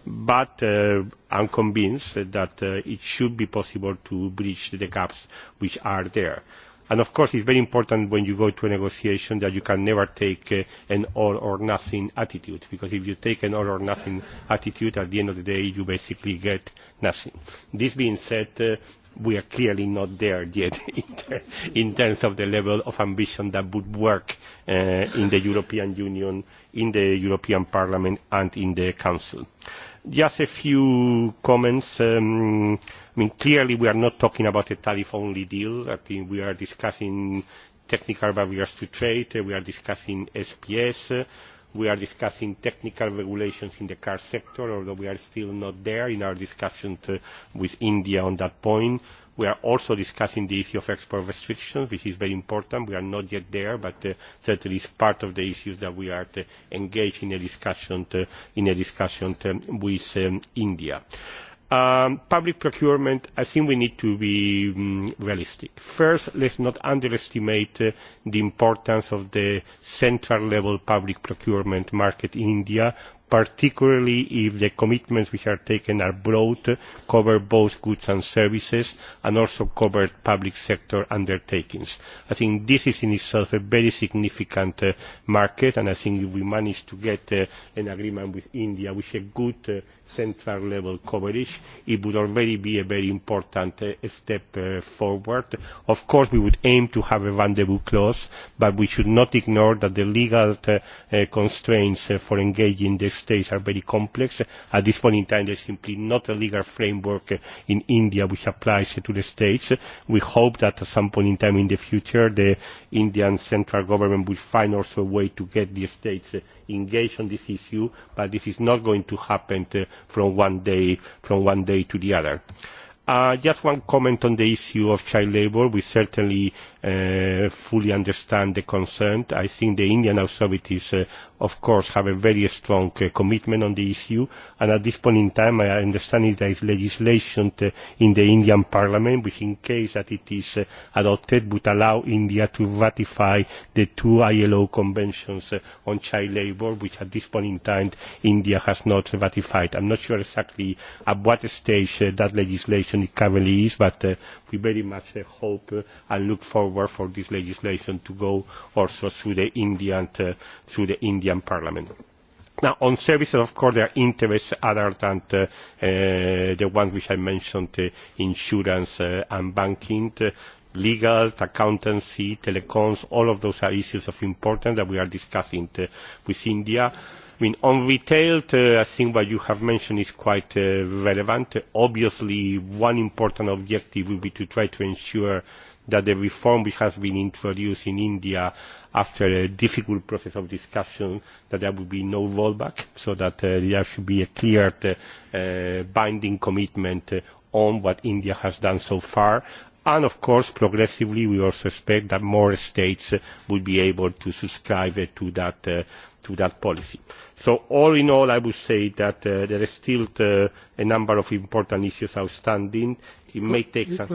but uh, i am convinced that uh, it should be possible to bridge the gaps which are there. And of course it is very important when you go to a negotiation that you can never take uh, an all or nothing attitude because if you take an all or nothing attitude at the end of the day you basically get nothing. this being said we are clearly not there yet <laughs> in terms of the level of ambition that would work uh, in the European Union, in the European Parliament and in the Council. Just a few comments. Um, I mean, clearly we are not talking about a tariff-only deal. I think we are discussing technical barriers to trade. we are discussing SPS we are discussing technical regulations in the car sector although we are still not there in our discussions with india on that point. we are also discussing the issue of export restrictions which is very important. we are not yet there but uh, certainly is part of the issues that we are uh, engaged in a discussion um, with um, india. Um, public procurement i think we need to be um, realistic. first let us not underestimate uh, the importance of the central level public procurement market in india particularly if the commitments which are taken are broad, cover both goods and services, and also cover public sector undertakings. I think this is in itself a very significant uh, market, and I think if we manage to get uh, an agreement with India with a good uh, central level coverage, it would already be a very important step forward. Of course, we would aim to have a rendezvous clause, but we should not ignore that the legal constraints for engaging the states are very complex. At this point in time, there is simply not a legal framework uh, in India which applies to the states. We hope that at some point in time in the future, the Indian central government will find also a way to get the states uh, engaged on this issue, but this is not going to happen uh, from one day, from one day to the other. Uh, just one comment on the issue of child labour. We certainly uh, fully understand the concern. I think the Indian authorities uh, of course have a very strong uh, commitment on the issue and at this point in time i understand that there is legislation to, uh, in the indian parliament which in case that it is uh, adopted would allow india to ratify the two ilo conventions uh, on child labour which at this point in time india has not ratified. I'm not sure exactly at what stage uh, that legislation currently is but uh, we very much uh, hope uh, and look forward for this legislation to go also through the Indian, uh, through the Indian Parliament. Now, on services, of course, there are interests other than the ones which I mentioned, insurance and banking. Legal, accountancy, telecoms, all of those are issues of importance that we are discussing with India on retail, uh, I think what you have mentioned is quite uh, relevant. Obviously, one important objective will be to try to ensure that the reform which has been introduced in India after a difficult process of discussion, that there will be no rollback, so that uh, there should be a clear binding commitment on what India has done so far and of course progressively we also expect that more states will be able to subscribe to that to that policy. so all in all i would say that uh, there is still uh, a number of important issues outstanding. it may take some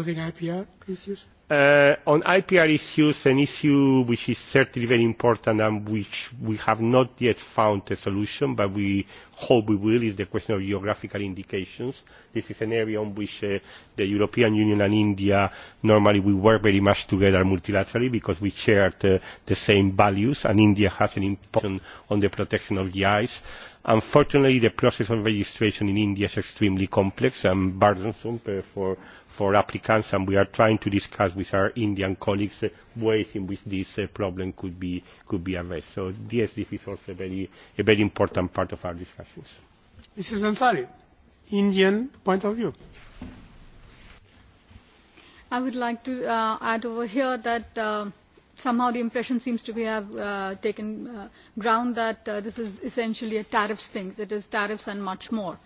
Uh, on IPR issues, an issue which is certainly very important and which we have not yet found a solution, but we hope we will, is the question of geographical indications. This is an area on which uh, the European Union and India, normally work very much together multilaterally because we share uh, the same values, and India has an important on the protection of GIs. Unfortunately, the process of registration in India is extremely complex and burdensome for for applicants and we are trying to discuss with our Indian colleagues ways in which this uh, problem could be could be addressed. So yes, this is also a very a very important part of our discussions. Mrs Ansari, Indian point of view. I would like to uh, add over here that uh somehow the impression seems to be have uh, taken uh, ground that uh, this is essentially a tariffs thing it is tariffs and much more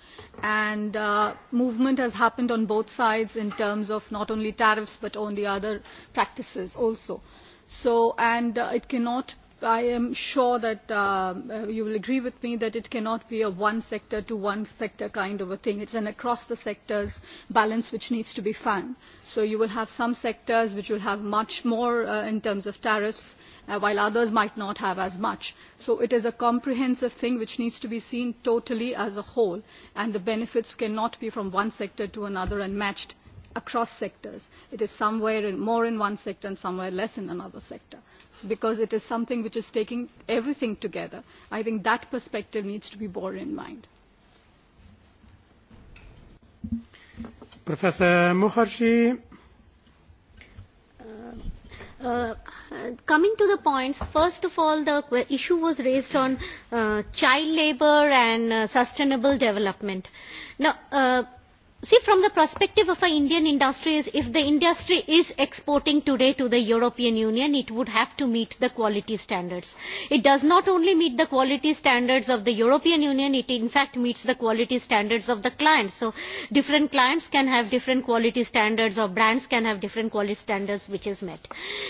and uh, movement has happened on both sides in terms of not only tariffs but on the other practices also so and it cannot i am sure that uh, uh, you will agree with me that it cannot be a one sector to one sector kind of a thing it is an across the sectors balance which needs to be found so you will have some sectors which will have much more uh, in terms of tariffs uh, while others might not have as much so it is a comprehensive thing which needs to be seen totally as a whole and the benefits cannot be from one sector to another and matched across sectors. It is somewhere in, more in one sector and somewhere less in another sector. So because it is something which is taking everything together. I think that perspective needs to be borne in mind. Professor Mukherjee. Uh, uh, coming to the points, first of all, the issue was raised on uh, child labor and sustainable development. Now, see from the perspective of an indian industry is if the industry is exporting today to the european union it would have to meet the quality standards it does not only meet the quality standards of the european union it in fact meets the quality standards of the clients so different clients can have different quality standards or brands can have different quality standards which is met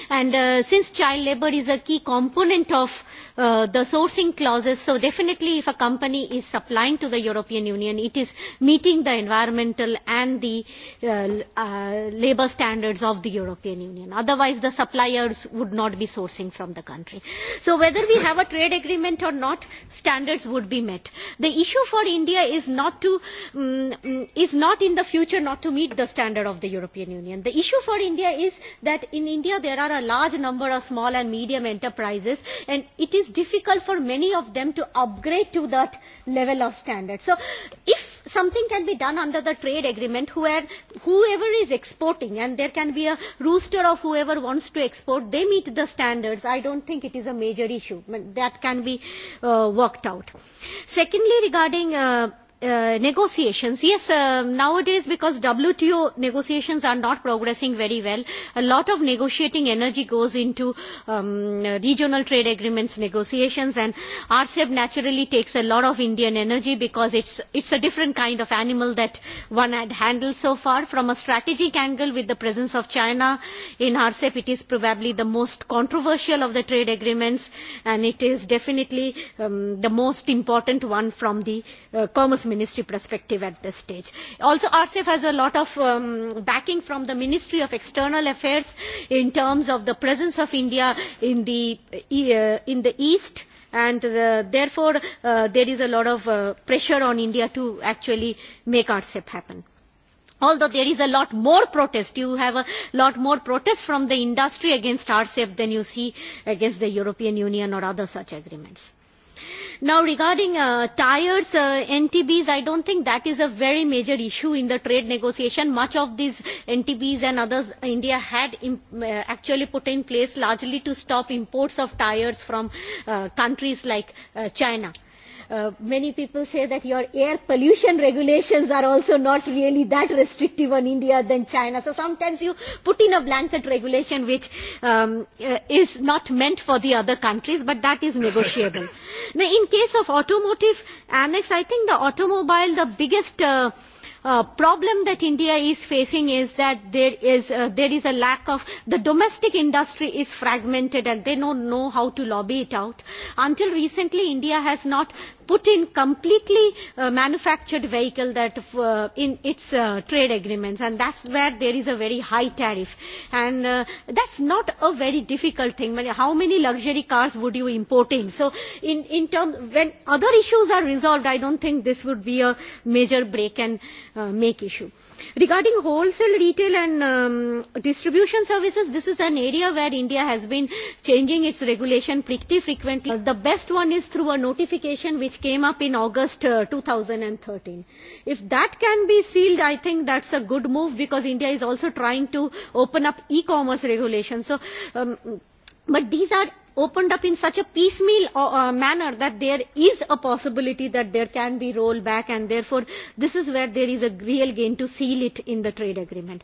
and uh, since child labor is a key component of Uh, the sourcing clauses so definitely if a company is supplying to the european union it is meeting the environmental and the uh, uh, labour standards of the european union otherwise the suppliers would not be sourcing from the country so whether we have a trade agreement or not standards would be met the issue for india is not to um, is not in the future not to meet the standard of the european union the issue for india is that in india there are a large number of small and medium enterprises and it is is difficult for many of them to upgrade to that level of standard. So if something can be done under the trade agreement where whoever is exporting and there can be a rooster of whoever wants to export, they meet the standards. I don't think it is a major issue. That can be uh, worked out. Secondly, regarding uh, Uh, negotiations yes uh, nowadays because wto negotiations are not progressing very well a lot of negotiating energy goes into um, regional trade agreements negotiations and rcep naturally takes a lot of indian energy because it's it's a different kind of animal that one had handled so far from a strategic angle with the presence of china in rcep it is probably the most controversial of the trade agreements and it is definitely um, the most important one from the uh, commerce ministry perspective at this stage. Also RCEF has a lot of um, backing from the Ministry of External Affairs in terms of the presence of India in the, e, uh, in the East and uh, therefore uh, there is a lot of uh, pressure on India to actually make RCEP happen. Although there is a lot more protest, you have a lot more protest from the industry against RCEP than you see against the European Union or other such agreements. Now, regarding uh, tires, uh, NTBs, I don't think that is a very major issue in the trade negotiation. Much of these NTBs and others uh, India had actually put in place largely to stop imports of tires from countries like China Uh, many people say that your air pollution regulations are also not really that restrictive on India than China. So sometimes you put in a blanket regulation which um, uh, is not meant for the other countries, but that is negotiable. <laughs> Now, in case of automotive annex, I think the automobile, the biggest uh, Uh, problem that india is facing is that there is uh, there is a lack of the domestic industry is fragmented and they don't know how to lobby it out until recently india has not put in completely uh, manufactured vehicle that in its trade agreements and that's where there is a very high tariff and that's not a very difficult thing how many luxury cars would you import in so in in term when other issues are resolved i don't think this would be a major break and Uh, make issue. Regarding wholesale retail and um, distribution services, this is an area where India has been changing its regulation pretty frequently. Uh, the best one is through a notification which came up in August uh, 2013. If that can be sealed, I think that's a good move because India is also trying to open up e-commerce regulation. So, um, but these are opened up in such a piecemeal uh, uh, manner that there is a possibility that there can be rollback and therefore this is where there is a real gain to seal it in the trade agreement.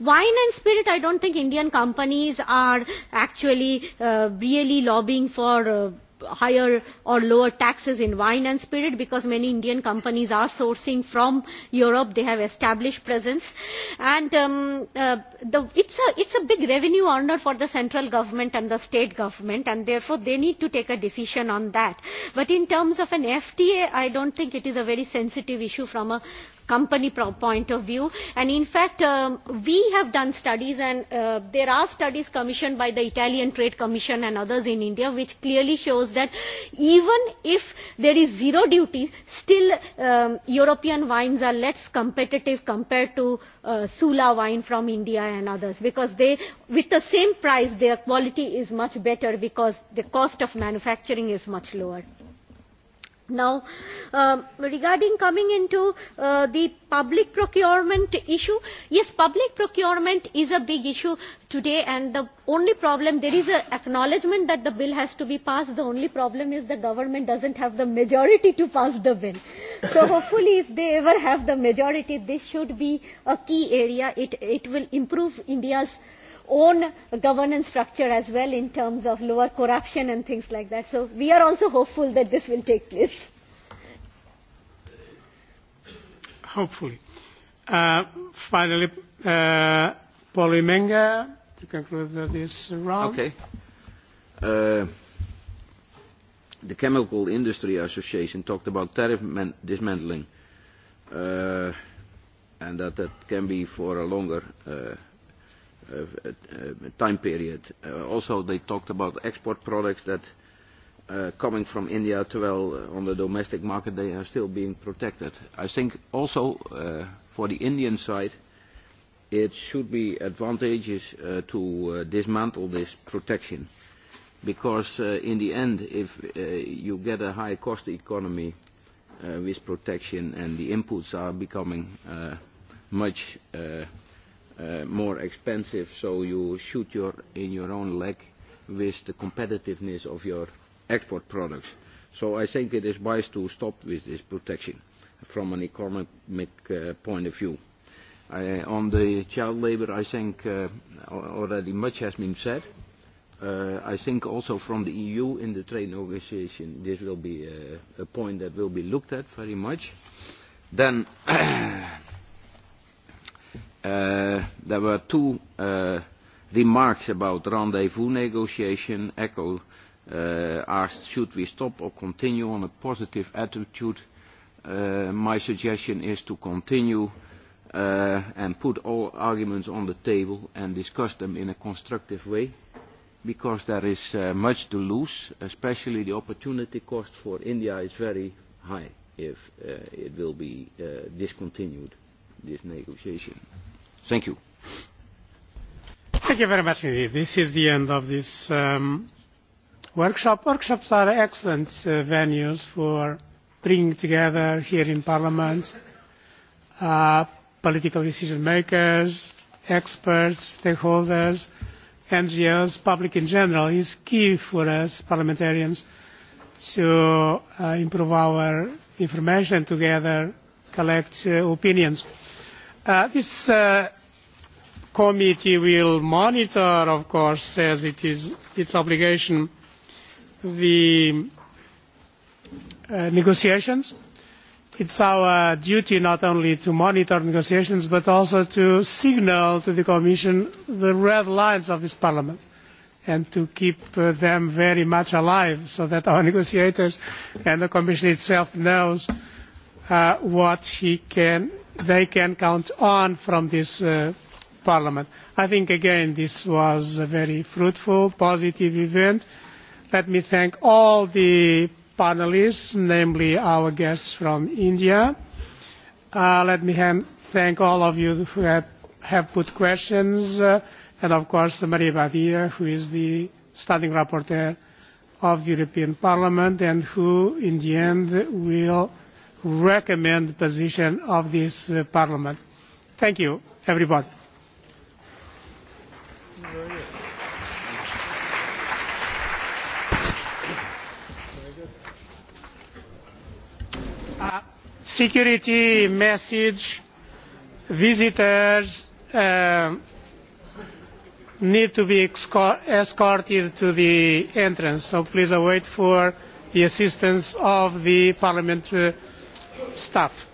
Wine and spirit, I don't think Indian companies are actually uh, really lobbying for uh, higher or lower taxes in wine and spirit because many indian companies are sourcing from europe they have established presence and um, uh, the, it's a it's a big revenue earner for the central government and the state government and therefore they need to take a decision on that but in terms of an fta i don't think it is a very sensitive issue from a company point of view and in fact um, we have done studies and uh, there are studies commissioned by the Italian Trade Commission and others in India which clearly shows that even if there is zero duty still um, European wines are less competitive compared to uh, Sula wine from India and others because they with the same price their quality is much better because the cost of manufacturing is much lower. Now, um, regarding coming into uh, the public procurement issue, yes, public procurement is a big issue today and the only problem, there is an acknowledgement that the bill has to be passed. The only problem is the government doesn't have the majority to pass the bill. So <laughs> hopefully if they ever have the majority, this should be a key area. It, it will improve India's own governance structure as well in terms of lower corruption and things like that. So we are also hopeful that this will take place. Hopefully. Uh, finally, uh, Menga to conclude this round. Okay. Uh, the Chemical Industry Association talked about tariff man dismantling uh, and that that can be for a longer uh, Uh, time period. Uh, also they talked about export products that Uh, coming from India, while well uh, on the domestic market they are still being protected. I think also for the Indian side it should be advantageous to dismantle this protection because in the end if you get a high cost economy with protection and the inputs are becoming much Uh, more expensive, so you shoot your, in your own leg with the competitiveness of your export products. So I think it is wise to stop with this protection from an economic uh, point of view. Uh, on the child labour, I think already much has been said. I think also from the EU in the trade negotiation, this will be a, a point that will be looked at very much. Then <clears throat> Eh, there were two eh, remarks about rendezvous negotiation. Echo eh, asked, should we stop or continue on a positive attitude? my suggestion is to continue and put all arguments on the table and discuss them in a constructive way because there is much to lose, especially the opportunity cost for India is very high if it will be discontinued this negotiation. Thank you. Thank you very much indeed. This is the end of this um, workshop. Workshops are excellent uh, venues for bringing together here in Parliament uh, political decision makers, experts, stakeholders, NGOs, public in general is key for us parliamentarians to uh, improve our information together, collect uh, opinions. Uh, this uh, committee will monitor of course as it is its obligation the uh, negotiations. it is our duty not only to monitor negotiations but also to signal to the commission the red lines of this parliament and to keep them very much alive so that our <laughs> negotiators and the commission itself knows. Uh, what he can, they can count on from this uh, parliament. I think again this was a very fruitful, positive event. Let me thank all the panelists, namely our guests from India. Uh, let me thank all of you who have, have put questions and of course Maria Badia who is the standing rapporteur of the European Parliament and who in the end will recommend the position of this uh, parliament. Thank you, everybody. Uh, security message visitors um, need to be escorted to the entrance so please await for the assistance of the parliamentary stav.